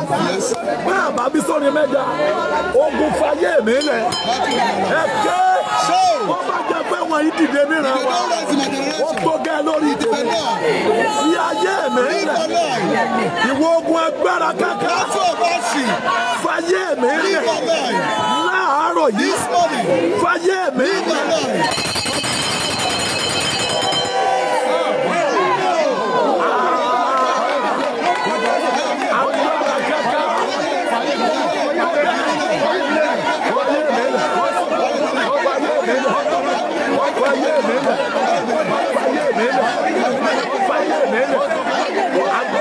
bá a bá bí sórí mẹ́jà ogun fayé mi lẹ̀ ẹ ké bó bá jẹ́ táwọn yìí dìde níran wa ó gbógẹ́ lórí tèmi sí ayé mi rẹ̀ ìwọ ogun agbára kàkà fàyè mi rẹ̀ láàárọ̀ yìí fàyè mi rẹ̀. Vai, vai, vai,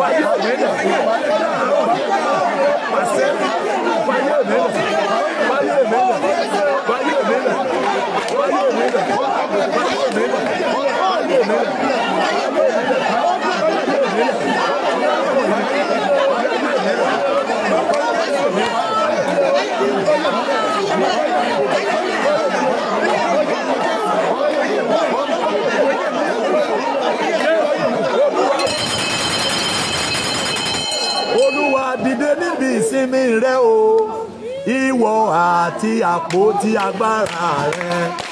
pai de Almeida. Parceiro, pai de Almeida. Pai de Almeida. Pai de Almeida. Pai de Almeida. Pai de Almeida. Pai de Almeida. Olha dìde níbi ìsinmi rẹ o ìwọ àti àpótí agbára rẹ.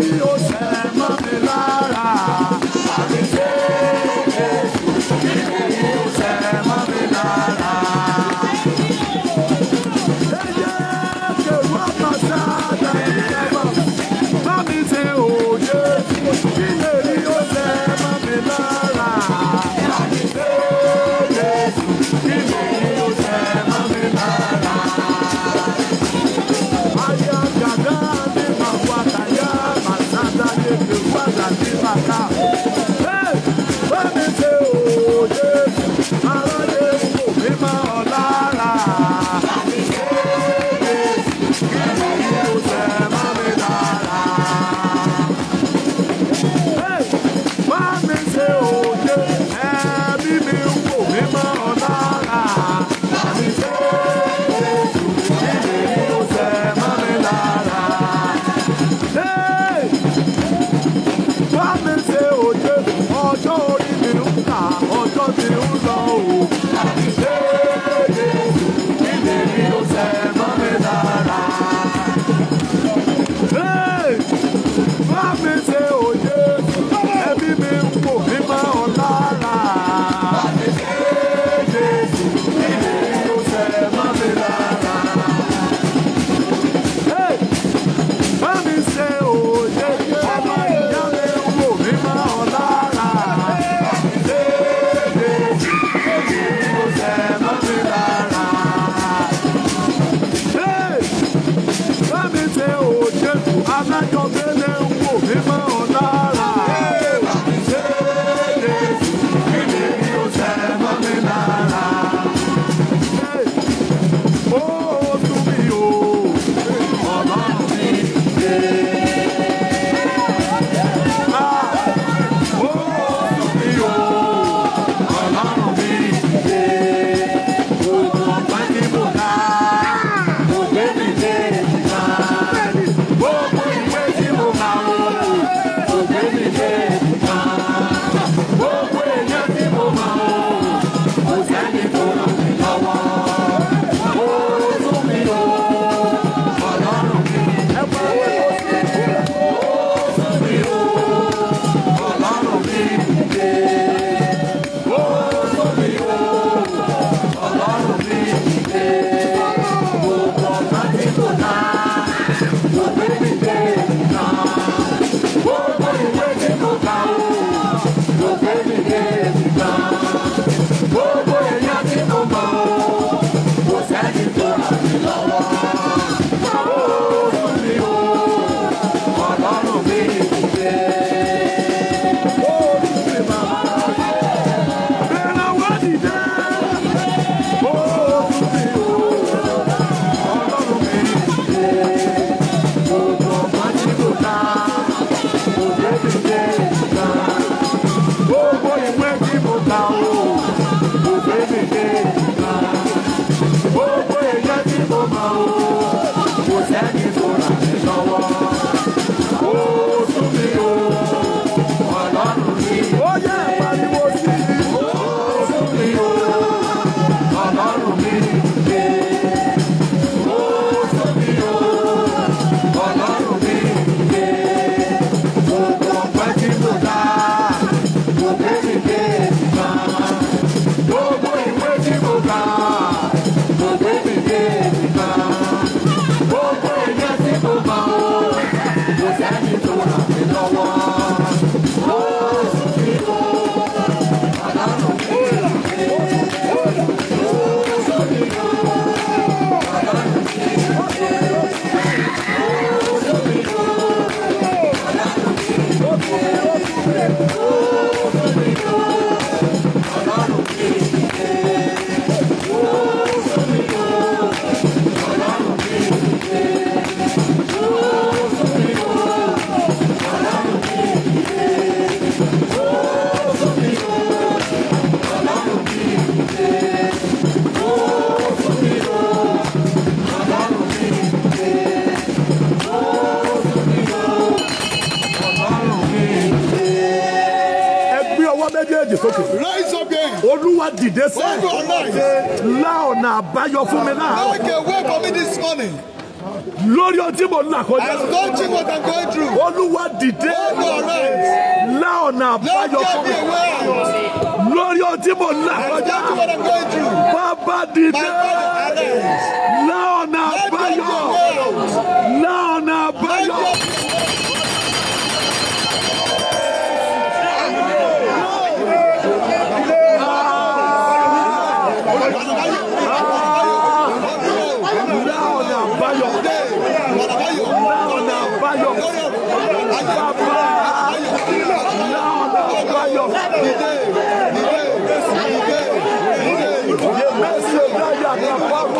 Dios. máa dìde sẹ́. lá ọ̀nà àbáyọ fún mi náà. make a way for me this morning. lórí ohun tí mo ń là kọjá. I'm launching what I'm going through. olúwa dìde. lá ọ̀nà àbáyọ fún mi. lórí ohun tí mo ń là kọjá. bàbá dìde.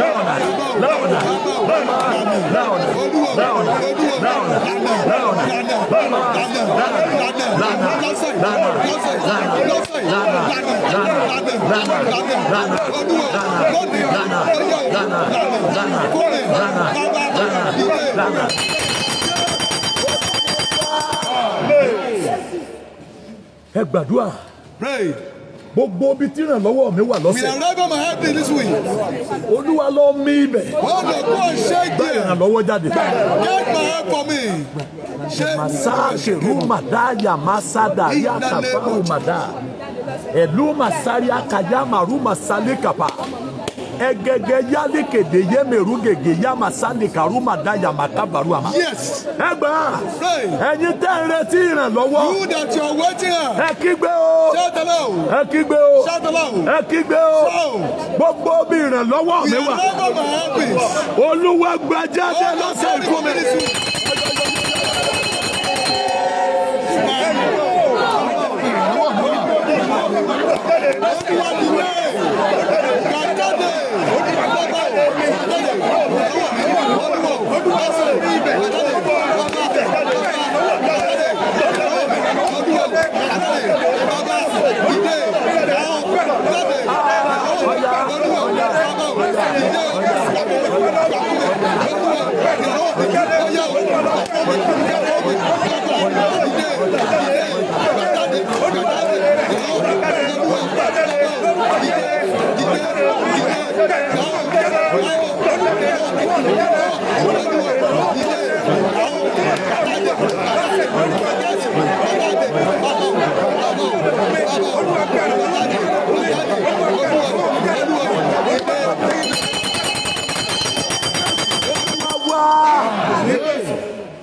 lọ́ọ̀nà lọ́ọ̀nà lọ́ọ̀nà lọ́ọ̀nà lọ́ọ̀nà lọ́ọ̀nà lọ́ọ̀nà lọ́ọ̀nà ẹ gbàdúrà. pray gbogbo ibi tí ìrànlọ́wọ́ mi wà lọ́sẹ̀. mi arrive my happy this week. olúwa lọ mí ibẹ̀. wọ́n lọ kó ṣe gbé. bá ìrànlọ́wọ́ jáde. get my help for me. ṣe masaṣeru ya kaya, yakabaru mada ẹlú masari akayamaru masalekapa. egege yalekede yemeru gege yamasande karuma daya makabaru ama. yes. ẹ gbà á. ẹ̀yin tẹ́ ń retí ìrànlọ́wọ́. o. o. o. gbogbo bí mi wà. olúwa Yeah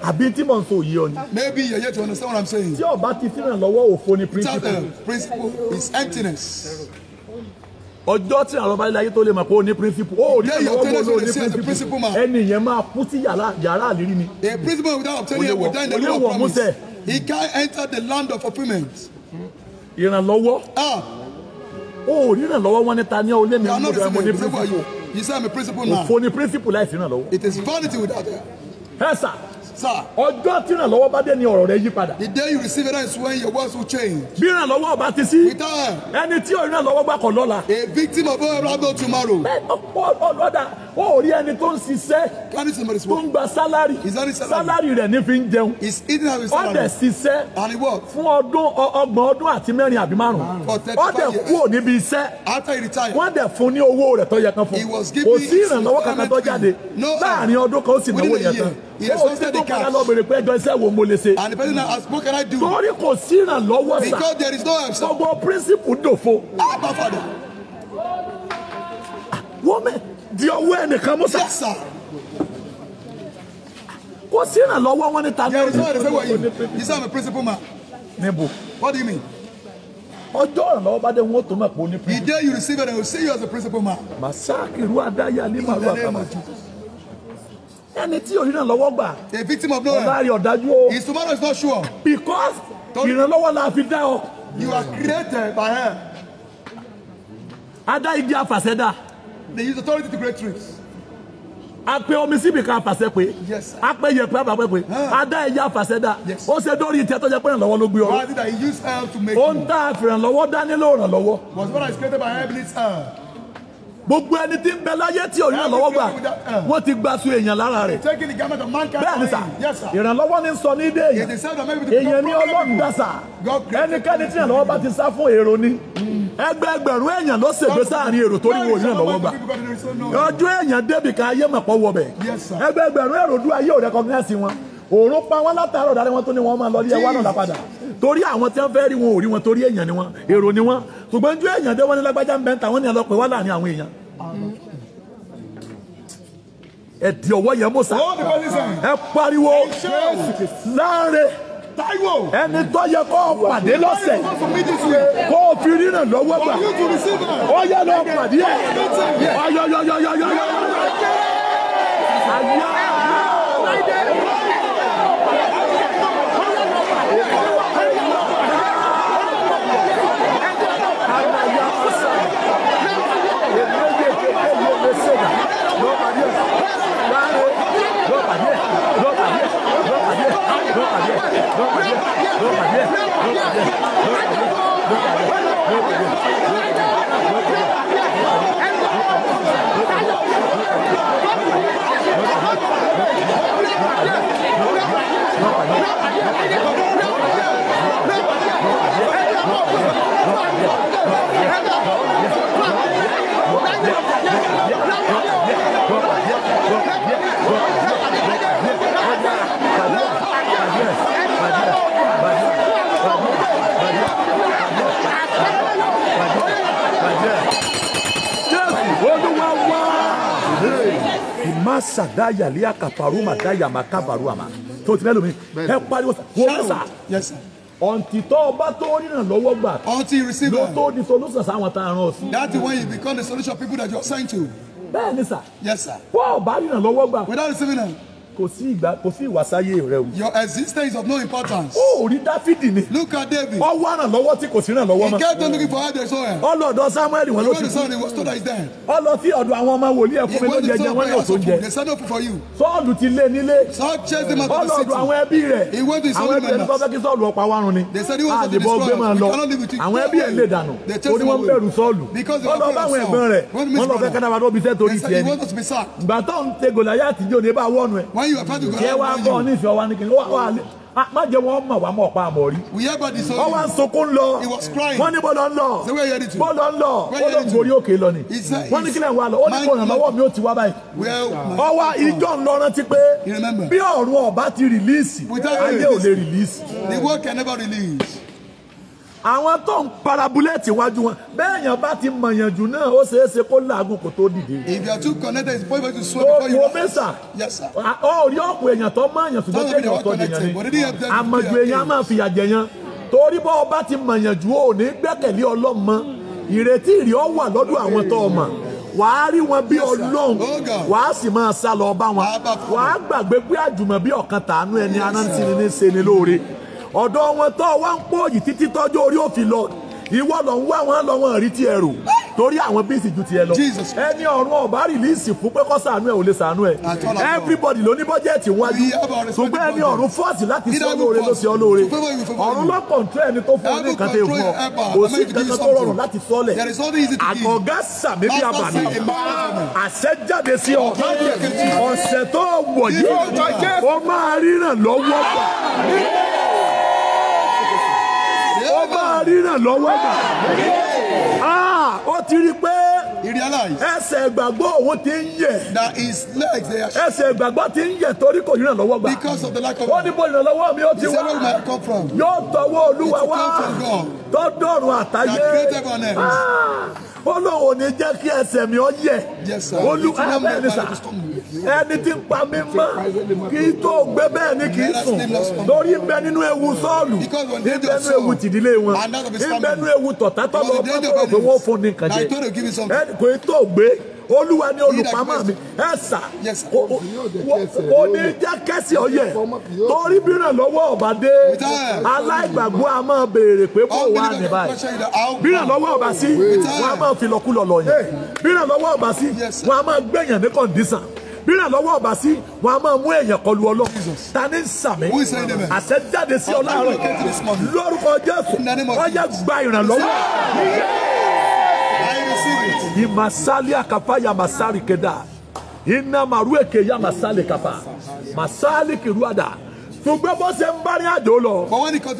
àbí tí mò ń sọ yìí ọ ni. maybe you yet to understand what i'm saying. tí ọba ti sínú lọ́wọ́ òfo ni principle. that is emptiness ọjọ́ tí àwọn ọba ilé ayé tó lè mọ̀ pé ó ní principle ó rí ẹ̀rọ ọmọ ló ní principle ẹni yẹn máa kú sí yàrá àlírí ni. a principle without obtaining a word down the law of promise he can't enter the land of fulfilment. ìrànlọ́wọ́ ah. ó rí ìrànlọ́wọ́ wọn níta ní olé mi mo rẹ̀ mo ní principle. you say I'm a principle now. òfò ni principle láì sí ìrànlọ́wọ́. it is vanity without it. ẹ sà sir. ọjọ́ tí ìrànlọ́wọ́ bá dé ni ọ̀rọ̀ rẹ yí padà. the day you receive it is when your words will change. bí ìrànlọ́wọ́ ọba ti sí. return. ẹni tí ò ìrànlọ́wọ́ gbà kọ̀ lọ́la. a victim of all around tomorrow. bẹ́ẹ̀ ọ̀pọ̀ ọlọ́dà ó rí ẹni tó ń ṣiṣẹ́. carry somebody small. tó ń gba salary. his only salary. salary rẹ̀ ní fi ń jẹun. is eating out his salary. ọ̀dẹ̀ ṣiṣẹ́. and he work. fún ọdún ọgbọ̀n ọdún àti mẹ́rin àbí márùn-ún. for thirty five years. ọ̀dẹ̀ kúrò iṣẹ́. after he retired. wọ́n dẹ̀ fún ní owó rẹ̀ tó yẹ kan fún. he was given his retirement fee. kò sí no láàrin uh, ọdún kan ó sì the and the person now ask what can I do. torí kò sí ìrànlọ́wọ́ sà. because there is no help sir. gbogbo principle dòfo. abba father. Woman, mẹ́ di ọwọ́ ẹnìkan mú sà. yes sir kò sí ìrànlọ́wọ́ wọn níta. there is no reason why you you say I'm a principal man. Nebo. what do you mean. ọjọ́ ìrànlọ́wọ́ bá dé wọn ó tó mọ̀ pé ní principal. the day you receive it they will see you as a principal man. Masakiru irú adáyà ní màlúù ẹni tí òrí náà lọ́wọ́ gbà. the victim of nowhere. ọ̀la ọ̀dájú o. his tomorrow is not sure. because ìrànlọ́wọ́ la fi dá ọ. you are created by her. adá igi afàṣẹ́dá. they use authority to create truth. a pe omi síbi kan afàṣẹ pé. yes. a pe yẹpẹ abàpẹ pé. adá ẹja afàṣẹdá. yes. ó ṣe dórí ìtẹ́ tó jẹ pé ìrànlọ́wọ́ ló gbé ọ. why did i use help to make. ohun tá a fìrànlọ́wọ́ dání ló rànlọ́wọ́. was what i created by her. needs help gbogbo ẹni tí ń bẹ láyé tí òun ìrànlọ́wọ́ gbà uh, wọ́n ti gba su èèyàn lára rẹ̀ bẹ́ẹ̀ ni sà ìrànlọ́wọ́ ni sọ ní dé èèyàn èèyàn ní ọlọ́run dàsà ẹnikẹ́ni tí ìrànlọ́wọ́ bá ti sá fún èrò ni ẹgbẹẹgbẹ̀rún èèyàn ló ṣègbè sáàrin èrò torí wo ìrànlọ́wọ́ gbà ọjọ́ èèyàn débì kan ayé mọ̀pọ̀ wọ bẹ̀ èrò dúró ayé ò torí àwọn tí wọn fẹ́ rí wọn ò rí wọn torí èèyàn ni wọn èrò ni wọn ṣùgbọ́n ju èèyàn dé wọn ní lágbájá ń bẹ́ńtà wọn ní ẹlọpẹ wà láàrin àwọn èèyàn ẹ di ọwọ́ yẹn mú sa ẹ pariwo láre ẹni tó yẹ kó o pàdé lọ́sẹ̀ kó o fi ríràn lọ́wọ́ gbà ó yẹ lọ pàdé ẹ ọyọyọyọyọyọ ayé daya lia kaparu ma daya ma tó ti mẹ́lòmí ẹ pariwo sa wọ́n sà until tó tó rìnà lọ́wọ́ gbà until you ló tó di solution sáwọn tá a rán ọ sí. that is when you become the solution people that you are signed to. bẹ́ẹ̀ ni yes sir. bọ́ọ̀ bá rìnà lọ́wọ́ gbà. without receiving them kò sí ìgbà kò sí ìwàsáyé rẹ o. your existence is of no importance. ó rí dáfídì ni. look at David. ó wá ràn lọ́wọ́ tí kò sí ràn lọ́wọ́ mọ́. he kept on looking for how they saw him. ó lọ ọ̀dọ̀ Samuel wọn ló ti kú. ó lọ sí ọ̀dọ̀ àwọn ọmọ wòlíì ẹ̀kún mi ló jẹ jẹ wọn ní òtún jẹ. they said no for you. sọ́ọ̀dù ti lé nílé. Saul chased him out of the city. ó lọ ọ̀dọ̀ àwọn ẹbí rẹ̀. he went to his family members. àwọn ẹbí rẹ̀ sọ fẹ́ kí sọ́ọ̀lù ọ̀pá wa run ni. they said he was ah, to be destroyed. àwọn ẹbí ẹ̀ lè dànù. torí wọ́n bẹ̀rù sọ́ọ̀lù. ó lọ bá àwọn ẹ̀gbọ́n rẹ̀. wọ́n lọ fẹ́ kánábàdàn obìsẹ́ torí tiẹ̀ ni. ìgbà tó ń tegòlà yá àtijọ́ ni ẹ bá wọ́ọ̀nù ẹ̀. When you are part of God. Jẹ́ wá bọ̀ ní ìfẹ́ wa ní kìnìún. Wà á má jẹ́ wọ́n mọ̀ wá mọ̀ pa àmọ̀ rí. We hear about the story. Wọ́n wá ń sunkún lọ. He was crying. Wọ́n ní bó lọ ń lọ. Say where you heading to? Bó lọ ń lọ. Where you heading to? Ó lọ gorí òkè lọ ni. He said. Wọ́n ní kílẹ̀ ń wá lọ. Ó ní kò ràn lọ́wọ́ mi ó ti wá báyìí. Where my. Ọwọ́ ìjọ ń lọ rántí pé. You remember. Bí ọ̀run ọ̀bá ti rìlíìsì. Without release. Ayé ò lè rìlíìsì. The world can never release àwọn tó ń parabulẹ́ẹ̀tì wájú wọn bẹ́ẹ̀ yẹn bá ti mọ̀yànjú náà ó ṣeé ṣe kó làágùn kó tó dìde. if you are too connected it's possible to swim before you know. o mesa o rí ọ̀pọ̀ èèyàn tó mọ̀ èèyàn ṣùgbọ́n kéèyàn tó dìyàn ni àmọ̀jù èèyàn á máa fìyà jẹ̀yàn torí bọ́ ọ bá ti mọ̀yànjú ò ní gbẹ́kẹ̀lé ọlọ́mọ ìrètí ìrì ọ wà lọ́dọ̀ àwọn tó mọ̀ wàá rí wọn bí ọlọ́run oh, wàá sì máa sá lọ bá wọn wàá gbàgbé pé àjùmọ̀ bí ọ̀kan tàánú ẹni arántí ni ní ṣe ni lóore ọ̀dọ̀ wọn tó wá ń pòòyì títí tọ́jú orí òfin lọ ìwọ lọ ń wá wọn lọ wọn rí ti ẹrù torí àwọn bíìsì ju tiẹ̀ lọ ẹni ọ̀run ọ̀bá rìlíìsì fún pé kó ṣàánú ẹ̀ ò lè ṣàánú ẹ̀ everybody ló ní bọ́jẹ̀tì wájú ṣùgbọ́n ẹni ọ̀run fọ́ọ̀sì láti ṣe olóore ló ṣe olóore ọ̀run ló kọ̀ǹtrọ̀ ẹni tó fún ọ ní nǹkan tẹ̀ fún ọ kò sí kankan tó rọrùn láti sọ́lẹ̀ àgọ̀gá sàmì bí abàmì àṣẹjáde sí ọ ọ̀sẹ̀ tó wọ̀ yìí ó máa ríran lọ́wọ́ ó máa ríran lọ́wọ́ gbà. Ah, ó ti rí i pé he realized. ẹsẹ̀ ìgbàgbọ́ òun ti ń yẹ̀. that his legs they are. ẹsẹ̀ ìgbàgbọ́ ti ń yẹ̀ torí kò yìnbọn lọ́wọ́ gbà. because of the lack of. ó ní bó ìrànlọ́wọ́ mi ó ti wá. where will my come from. yóò tọwọ́ olúwa wá. it will from God. tọ́dọ̀rùn àtàyé. that created on earth ọlọ́run ò ní jẹ́ kí ẹsẹ̀ mi ọ yẹ̀ olú ẹni sà ẹni tí ń pa mí mọ́ kí tó gbé bẹ́ẹ̀ ni kì í sùn lórí ń bẹ nínú ewu sọ́ọ̀lù ń bẹ nínú ewu tìdílé wọn ń bẹ nínú ewu tọ̀tátọ́ lọ́ọ́ pẹ́ pẹ́ pé wọ́n fún ní kàjẹ́ ẹni kò tó gbé olúwa ni olùpamọ́ mi ẹ sà ó ní jẹ́ kẹ́sì ọyẹ torí bíràn lọ́wọ́ ọba dé aláìgbàgbọ́ a máa béèrè pé bó wà ní báyìí bíràn lọ́wọ́ ọba sí wọn a máa fi lọ́kúlọ̀ lọ́yìn bíràn lọ́wọ́ ọba sí wọn a máa gbẹ̀yàn ní kọ̀ǹdísàn bírà lọ́wọ́ ọba sí wọn a máa mú èèyàn kọlu ọlọ ta ni sàmì àṣẹ jáde sí ọ láàárọ̀ lórúkọ Jésù ọjà gba ìrànlọ́wọ́ imasali akapa ya masali keda ina marueke ya masali kapa masali kiruada ṣùgbọ́n bó ṣe ń bá ní àjò lọ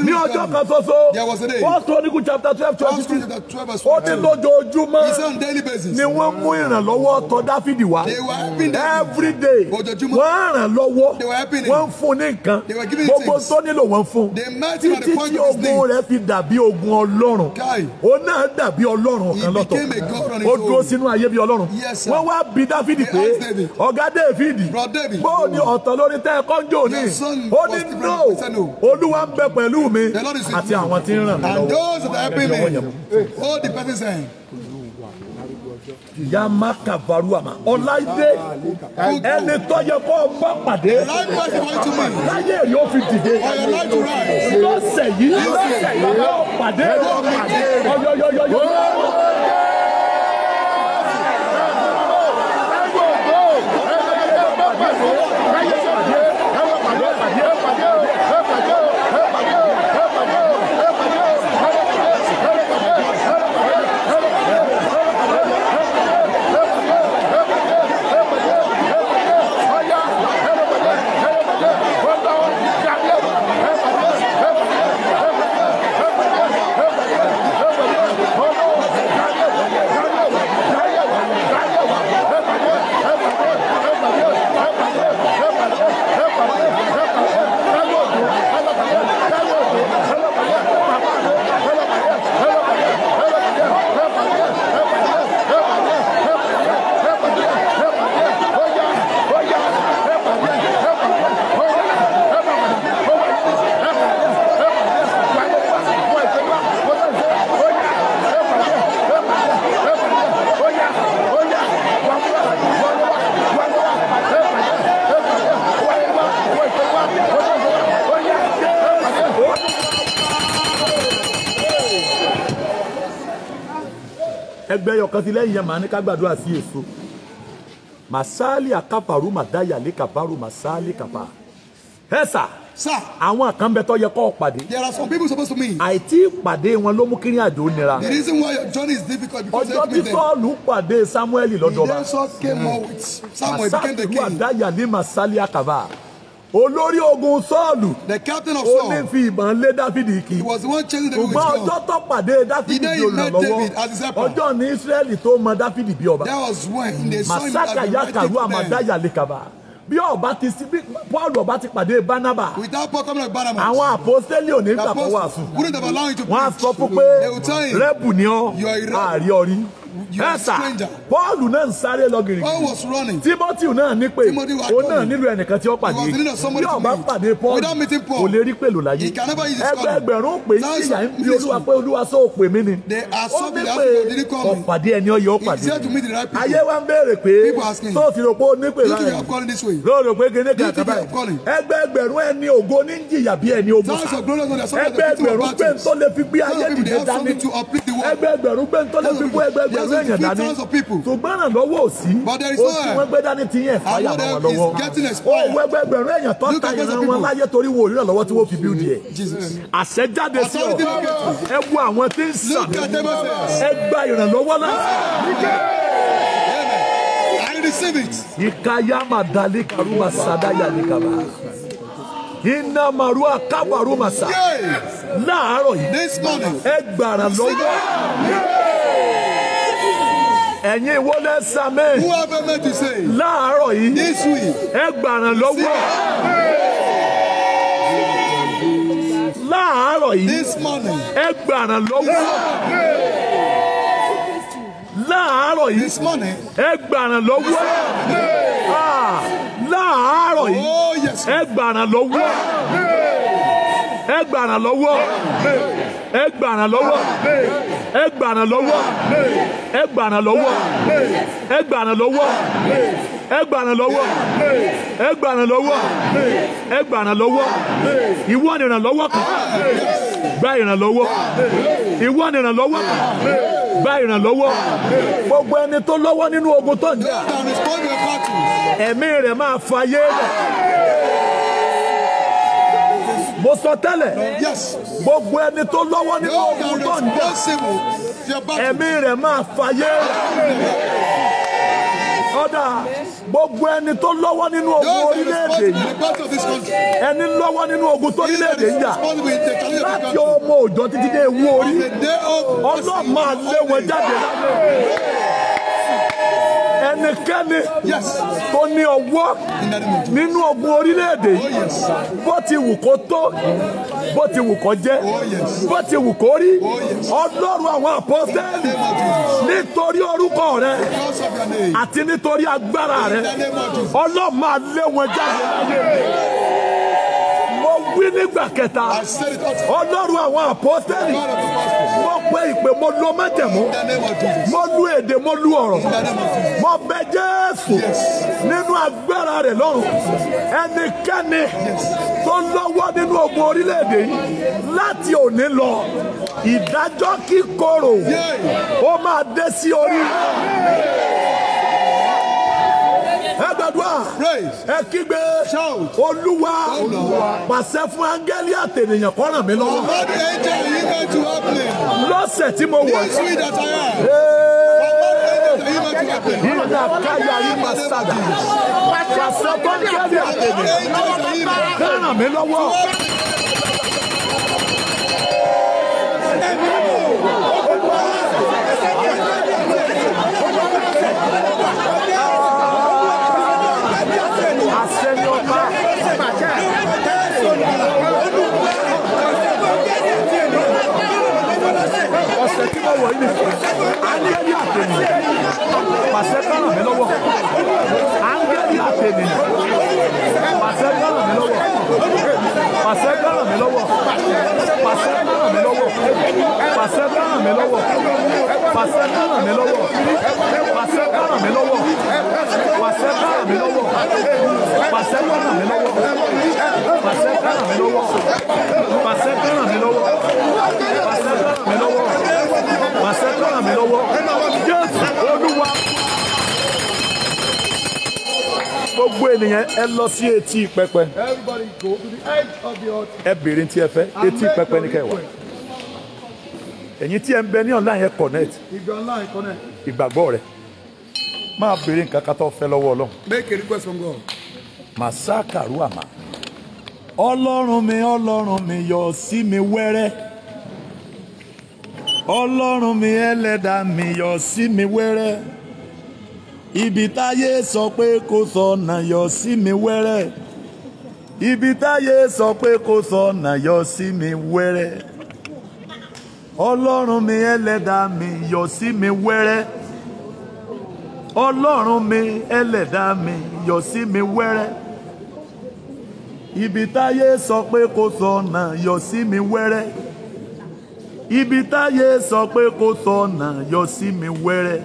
ní ọjọ́ kan ṣoṣo first chronicle chapter twelve twenty two ó ní lójoojúmọ́ ni wọ́n mú ìrànlọ́wọ́ tọ̀ dáfídì wá every day wọ́n ràn wọ́n fún ní nǹkan gbogbo tó nílò wọ́n fún títí tí ogun rẹ̀ fi dàbí ogun ọlọ́run ó náà dàbí ọlọ́run ọ̀kan lọ́tọ̀ ó dúró sínú ayé bí ọlọ́run wọ́n wá bi dáfídì pé ọ̀gá dáfídì bóò ni ọ̀tọ̀ lórí tẹ́ ẹ kọ́ńjò ní ní no olúwa ń bẹ pẹ̀lú mi àti àwọn tí ń ràn mí lọ́wọ́ all the persons in yamaka baruama ọláìdé ẹni tó yẹ kó bá pàdé láyé yóò fi dìde lọ́sẹ̀ yìí lọ́sẹ̀ yìí yóò pàdé yóò pàdé yọyọyọyọ. Let's go! ẹgbẹ́ yọkan sí lẹ́yìn yẹn màá ní ká gbàdúrà sí èso màsáálì àkàfàrú màdáyà lè kàfàrú màsáálì kàfà ẹ sà àwọn kan yẹ kó pàdé. there are some people supposed to meet. àìtí ìpàdé wọn ló mú kí ní àjò nira. the reason why your journey is difficult because you have to meet them. ọjọ́ tí Sọ́ọ̀lù pàdé Samuel lọ́dọ̀ he then sọ came mm. out with Samuel became the king. màsáálì àdáyà ní màsáálì àkàfà olórí ogun sọ́ọ̀lù. the captain of Saul. ó ní fi ìbọn lé dáfídì kì. he was the one chasing David with God. ṣùgbọ́n ọjọ́ tó pàdé dáfídì bí olùrànlọ́wọ́ ọjọ́ ní israẹli tó mọ dáfídì bí ọba. that was when they saw him a man. bí ọba ti sí bí paul ọba ti pàdé barnaba. without paul coming like barnaba. àwọn àpòsílẹ̀ òní ìgbà wà sùn. wouldn't to preach. wọ́n á sọ fún pé rẹ́bù ni ọ́ àárí ọrí bẹ́ẹ̀ sà Pọ́ọ̀lù náà ń sáré lọ gírígírí Timothy náà ní pé òun náà nílò ẹnìkan tí ó pàdé bí ọba pàdé Pọ́ọ̀lù kò lè rí pèlò láyé ẹgbẹgbẹ̀rún pé ìyá ń bí olúwa pé olúwa sọ òpè mí ni ó ní pé kò pàdé ẹni ọyọ pàdé ayé wa ń béèrè pé tó fi rò pé ó ní pè láyé ló rò pé gẹ́gẹ́ kàkà báyìí ẹgbẹgbẹ̀rún ẹni ògo ní jìyà bí ẹni ogun ẹgbẹgbẹ̀rún pé ń tó lè fi gbé ayé dìde dání ẹgbẹgbẹ̀rún pé ń tó lè fi gbé ẹgbẹgbẹ there is ẹrú ìyàn dání ṣùgbọ́n ìrànlọ́wọ́ ò sí ó sì wọ́n gbé dání ti yẹn fàyà wọn lọ́wọ́ ó wẹ́ gbẹgbẹ̀rún èèyàn tó ta ìran wọn láyé torí wọn ò rí ìrànlọ́wọ́ tí wọ́n fi bíúdi ẹ̀ àṣẹjáde sí ọ ẹ wo àwọn tí ń sàmì ẹ gba ìrànlọ́wọ́ náà receive it. Ikaya madali karuma sadaya likaba. Iná maru akaba ruma sa. Láàárọ̀ yìí. This morning. Ẹ gbàrà lọ́wọ́ ẹ̀yin ìwọ lẹ sàmẹ́. whoever meant to say. láàárọ̀ yìí. this week. ẹ gbàràn lọ́wọ́. láàárọ̀ yìí. this morning. ẹ gbàràn lọ́wọ́. láàárọ̀ yìí. this morning. ẹ gbàràn lọ́wọ́. Ah, láàárọ̀ yìí. Oh, ẹ gbàràn lọ́wọ́. ẹ gbàràn lọ́wọ́. ẹ lọwọ, lọ́wọ́ lọwọ, gbàràn lọwọ, ẹ lọwọ, lọ́wọ́ lọwọ, gbàràn lọwọ, ẹ lọwọ, lọ́wọ́ ẹ gbàràn lọ́wọ́ ẹ gbàràn lọ́wọ́ ìwọ ni ìrànlọ́wọ́ kan gba ìrànlọ́wọ́ ìwọ ni ìrànlọ́wọ́ kan gba ìrànlọ́wọ́ gbogbo ẹni tó lọ́wọ́ nínú ogun tó ń jà ẹ̀mí rẹ̀ máa fayé rẹ̀. mo sọ tẹ́lẹ̀ gbogbo ẹni tó lọ́wọ́ nínú ogun tó ń jà ẹ̀mí rẹ̀ máa fàyè ọ̀dà gbogbo ẹni tó lọ́wọ́ nínú ogun orílẹ̀-èdè yìí ẹni lọ́wọ́ nínú ogun tó orílẹ̀-èdè yìí jà láti ọmọ òjò títí dé ewu orí ọlọ́ọ̀ máa lé wọn jáde lábẹ́ ẹnikẹ́ni tó ní ọwọ́ nínú ogun orílẹ̀-èdè oh, bó ti wù kó tó bó ti wù kó jẹ́ oh, bó ti wù kó rí oh, ọlọ́run àwọn àpọ́sẹ́lì nítorí orúkọ rẹ àti nítorí agbára rẹ ọlọ́run máa lé wọn jáde láyé rẹ wí nígbà kẹta ọlọ́run àwọn àpọ́tẹ́lì mo pe ìpè mo lo májẹ̀mú mo lu èdè mo lu ọ̀rọ̀ mo bẹ jésù nínú agbára rẹ̀ lọ́rùn ẹnikẹ́ni tó lọ́wọ́ nínú ogun orílẹ̀-èdè yìí láti òní lọ ìdájọ́ kíkorò ó máa dé sí orí ẹ gbàdúrà ẹ kígbe olúwa pàṣẹ fún áńgẹ́lì àtẹnìyàn kó ràn mí lọ́wọ́. lọ́sẹ̀ tí mo wọ̀ ìdàkáyà yìí máa sàdà pàṣẹ fún áńgẹ́lì àtẹnìyàn kó ràn mí lọ́wọ́. lọ́wọ́ ilé áńgẹ́lì àtẹ̀mí pàṣẹ kárà mi lọ́wọ́ áńgẹ́lì àtẹ̀mí pàṣẹ kárà mi lọ́wọ́ pàṣẹ kárà mi lọ́wọ́ pàṣẹ kárà mi lọ́wọ́ pàṣẹ kárà mi lọ́wọ́ pàṣẹ kárà mi lọ́wọ́ pàṣẹ kárà mi lọ́wọ́ pàṣẹ kárà mi lọ́wọ́ pàṣẹ kárà mi lọ́wọ́ pàṣẹ kárà mi lọ́wọ́ pàṣẹ kárà mi lọ́wọ́ pàṣẹ kárà mi lọ́wọ́ pàṣẹ tó ràn mí lọ́wọ́ Jésù Olúwa gbogbo ènìyàn ẹ lọ sí etí pẹpẹ ẹ béèrè tí ẹ fẹ́ etí pẹpẹ ní kẹwàá ẹ̀yin tí ẹ ń bẹ ní online ẹ connect ìgbàgbọ́ rẹ máa béèrè nǹkan kan tó lọ́wọ́ Ọlọ́run. make a request from God. màsá kàrú àmà ọlọ́run mi ọlọ́run mi yọ sí mi wẹ́rẹ́. ọlọ́run mi ẹlẹ́dàá mi yọ sí mi wẹ́rẹ́ ibi táyé sọ pé kò sọ sọ̀nà yọ sí mi wẹ́rẹ́ ibi táyé sọ pé kò sọ sọ̀nà yọ sí mi wẹ́rẹ́ ọlọ́run mi ẹlẹ́dàá mi yọ sí mi wẹ́rẹ́ ọlọ́run mi ẹlẹ́dàá mi yọ sí mi wẹ́rẹ́ ibi táyé sọ pé kò sọ sọ̀nà yọ sí mi wẹ́rẹ́. ibi táyé sọ pé kó tọ̀nà yọ sí mi wẹ́rẹ́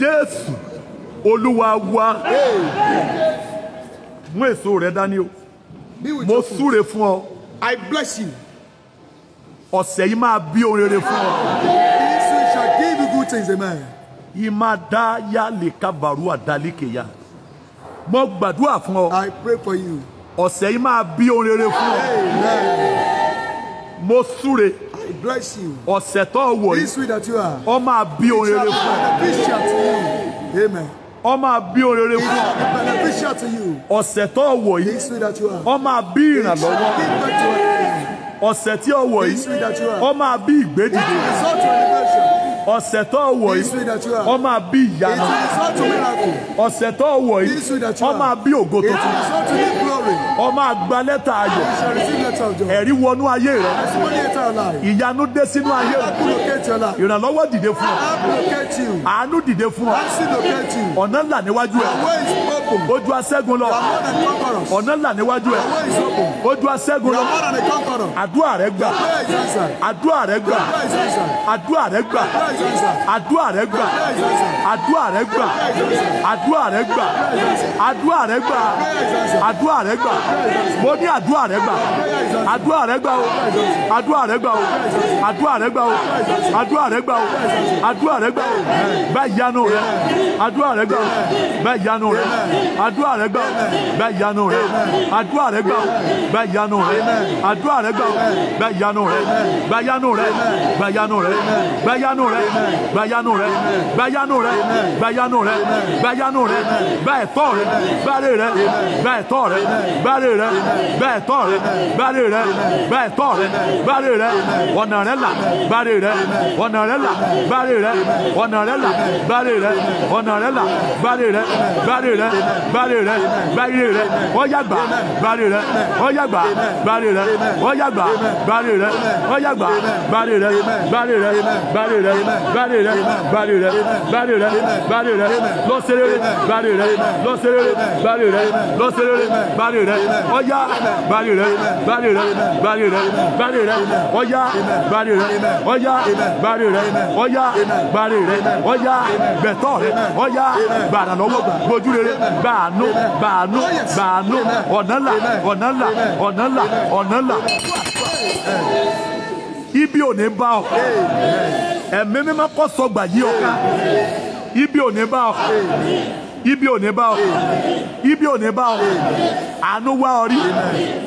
jésù olúwa wa mú èso rẹ dání o mo súre fún ọ. I bless you. ọ̀sẹ̀ yìí máa bí ohun fún ọ. this week shall give you good things amen. ìmàdáyà lè kábàrú àdálíkèyà mo gbàdúrà fún ọ. I pray for you. ọ̀sẹ̀ yìí máa bí ohun fún ọ. amen mo súre. I bless you. ọ̀sẹ̀ tó wọ̀ yìí. this week that you are. ọ máa bí orin fún ọ. peace shall to you. amen. ọ máa bí orin fún ọ. peace shall to you. ọ̀sẹ̀ tó wọ̀ yìí. this week that you are. ọ máa bí ìrànlọ́wọ́. ọ̀sẹ̀ tí ọ wọ̀ yìí. this week that you are. ọ máa bí ìgbédìde. it is all to elevation ọ̀sẹ̀ tó wọ̀ yìí ọ máa bí ìyanu ọ̀sẹ̀ tó wọ̀ yìí ọ máa bí ògo tuntun ọ máa gba lẹ́tà ayọ̀ ẹ̀rí wọnú ayé rẹ ìyanu dé sínú ayé rẹ ìrànlọ́wọ́ dìde fún ọ àánú dìde fún ọ ọ̀nà ńlá níwájú ẹ ojú aṣẹ́gun lọ ọ̀nà ńlà níwájú ẹ ojú aṣẹ́gun lọ àdúrà rẹ gbà àdúrà rẹ gbà àdúrà rẹ gbà àdúrà rẹ gbà àdúrà rẹ gbà àdúrà rẹ gbà àdúrà rẹ gbà àdúrà rẹ gbà mo ní àdúrà rẹ gbà àdúrà rẹ gbà o àdúrà rẹ gbà o àdúrà rẹ gbà o àdúrà rẹ gbà o àdúrà rẹ gbà o bá yanu rẹ àdúrà rẹ gbà o bá yanu rẹ àdúrà rẹ gbà o bá yanu rẹ àdúrà rẹ gbà o bá yanu rẹ àdúrà rẹ gbà o bá yanu rẹ bá yanu rẹ bá yanu rẹ bá yanu rẹ gba yanu rẹ gba yanu rẹ gba yanu rẹ gba yanu rẹ gba ẹ̀tọ́ rẹ gba re rẹ gba ẹ̀tọ́ rẹ gba re rẹ gba ẹ̀tọ́ rẹ gba re rẹ gba ẹ̀tọ́ rẹ gba re rẹ ọ̀nà rẹ là gba re rẹ ọ̀nà rẹ là gba re rẹ ọ̀nà rẹ là gba re rẹ ọ̀nà rẹ là gba re rẹ gba re rẹ gba re rẹ gba re rẹ ọ̀yà gbà gba re rẹ ọ̀yà gbà gba re rẹ ọ̀yà gbà gba re rẹ ọ̀yà gbà gba re rẹ gba re rẹ gba re rẹ. Value. Value. Value. Value. gbáre rẹ gbáre Value. gbáre rẹ gbáre Value. lọ́sẹ̀rẹ̀rẹ̀ gbáre rẹ Value. gbáre rẹ lọ́sẹ̀rẹ̀rẹ̀ Value. rẹ Value. gbáre Value. gbáre Value. gbáre rẹ gbáre Value. ọ̀yá gbáre rẹ Value. gbáre rẹ ọ̀yá Value. rẹ ọ̀yá gbẹ̀tọ̀ rẹ ọ̀yá gbàrà lọ́wọ́ gbojú rere gbàánú gbàánú gbàánú ọ̀nà là ọ̀nà là ọ̀nà là ọ̀nà là ibi ò ní bá ọ ẹ̀mí mímọ́ kó sọgbà yí ọ ibi ò ní bá ọ ibi ò ní bá ọ ibi ò ní bá ọ àánú wá ọ rí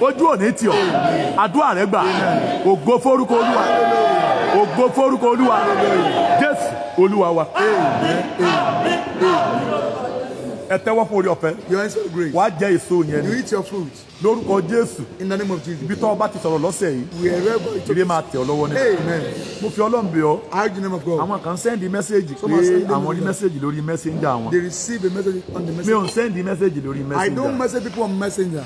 ojú ò ní tì ọ àdúrà rẹ gbà ògo forúkọ olúwa ògo forúkọ olúwa jésù olúwa wa. Amen. Amen. Amen ẹ tẹ́wọ́ fún orí ọ̀fẹ́. you are great. wàá jẹ èso yẹn. you eat your fruit. lórúkọ jésù. in the name of jesus. ibi tó o bá ti sọ̀rọ̀ lọ́sẹ̀ yìí. we are well going to. ire máa tẹ̀ ọ́ lọ́wọ́ ní. amen. mo fi ọlọ́run bẹ̀ ọ́. how do you name of God. àwọn kan sẹ́ndì mẹ́sẹ̀gì pé àwọn rí mẹ́sẹ̀gì lórí messenger wọn. they receive a message on the messenger. mi ò sẹ́ndì message lórí messenger. i don't message people on messenger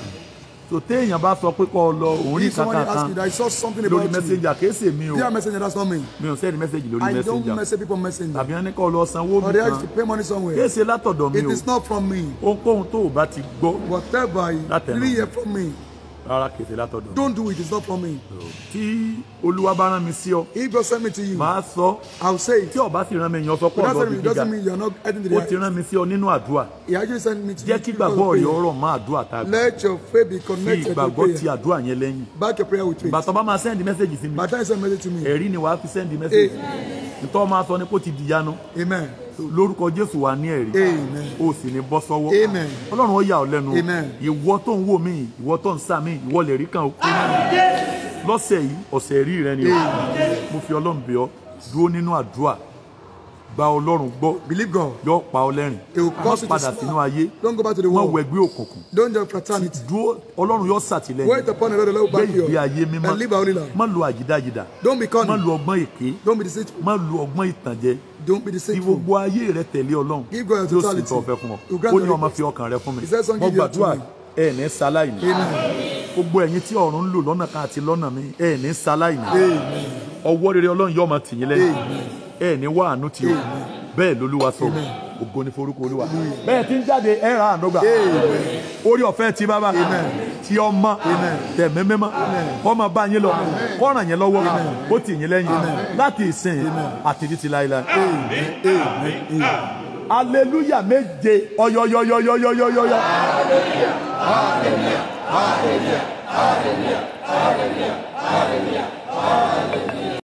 so téèyàn bá sọ pé kọ́ ọ lọ òun rí kankan kan lórí messenger kìí ṣe mi o mi ò sẹ́ni message lórí messenger tàbí wọn ní kọ́ ọ lọ sanwó mi kan kìí ṣe látọ̀dọ̀ mi o ohunkóhun tó o bá ti gbọ́ látẹnu rárá kèsè látọ̀dọ̀. don't do it it's not for me. tí olúwa bá rán mi sí ọ. he go send me to you. màá sọ. i will say it. tí ọba sì rán mi yan sọ pọ̀ lọ́dún gíga. doesn't mean you not heading to the. ti rán mi sí ọ nínú àdúrà. he actually sent me to you. jẹ́ kí gbàgbọ́ rẹ ọ̀rọ̀ mọ́ àdúrà tá let your faith be connected to prayer. fi ìgbàgbọ́ ti àdúrà yẹn lẹ́yìn. back your prayer with faith. bàtọ́ bá máa send message sí mi. bàtọ́ send message to me. ẹ̀rí ni wàá fi send message. Eh. ntọ́ máa sọ ni kó ti di yanu. amen lórúkọ jésù wa ní ẹ̀rí o sì ní bọ́ sọ́wọ́ ọlọ́run ó yà ọ́ lẹ́nu ìwọ tó ń wò mí ìwọ tó ń sá mí ìwọ lè rí kan ó kú lọ́sẹ̀ yìí ọ̀sẹ̀ rí rẹ ni o mo fi ọlọ́run bẹ̀ ọ́ dúró nínú àdúrà gba ọlọ́run gbọ́ yọ pa ọ lẹ́rìn wọ́n padà sínú ayé wọ́n wẹ̀ gbé òkùnkùn dúró ọlọ́run yọ sàtìlẹ́yìn gbé ìgbé ayé mímọ́ má lo àjídájídá má lo ọgbọ́n èké má lo ọgbọ́n ìtànjẹ Don't be deceitful. Fi gbogbo ayé rẹ tẹ̀lé Ọlọ́run. Give God your totality. Yóò sì tọ́ ọ̀fẹ́ fún ọ. Ó ní ọmọ fi ọkàn rẹ fún mi. He said something give your me. Ẹ ní ṣaláìní. Gbogbo ẹ̀yin tí ọ̀run ń lò lọ́nà kan àti lọ́nà mi, ẹ ní ṣaláìní. Ọwọ́ rere Ọlọ́run yóò máa tì yín lẹ́yìn. Ẹ ní wá àánú tì yín bẹ́ẹ̀ lolúwa sọ ògo ni forúkọ olúwa bẹ́ẹ̀ tí ń jáde ẹ̀ràn àdọ́gba orí ọ̀fẹ́ ti bàbá ti ọmọ tẹ̀mí ọmọ bá yín lọ kọ́ràn yín lọ́wọ́ ó tì yín lẹ́yìn láti ìsìn àtìrí ti láéláé aleluya méje ọyọyọyọyọyọyọyọ.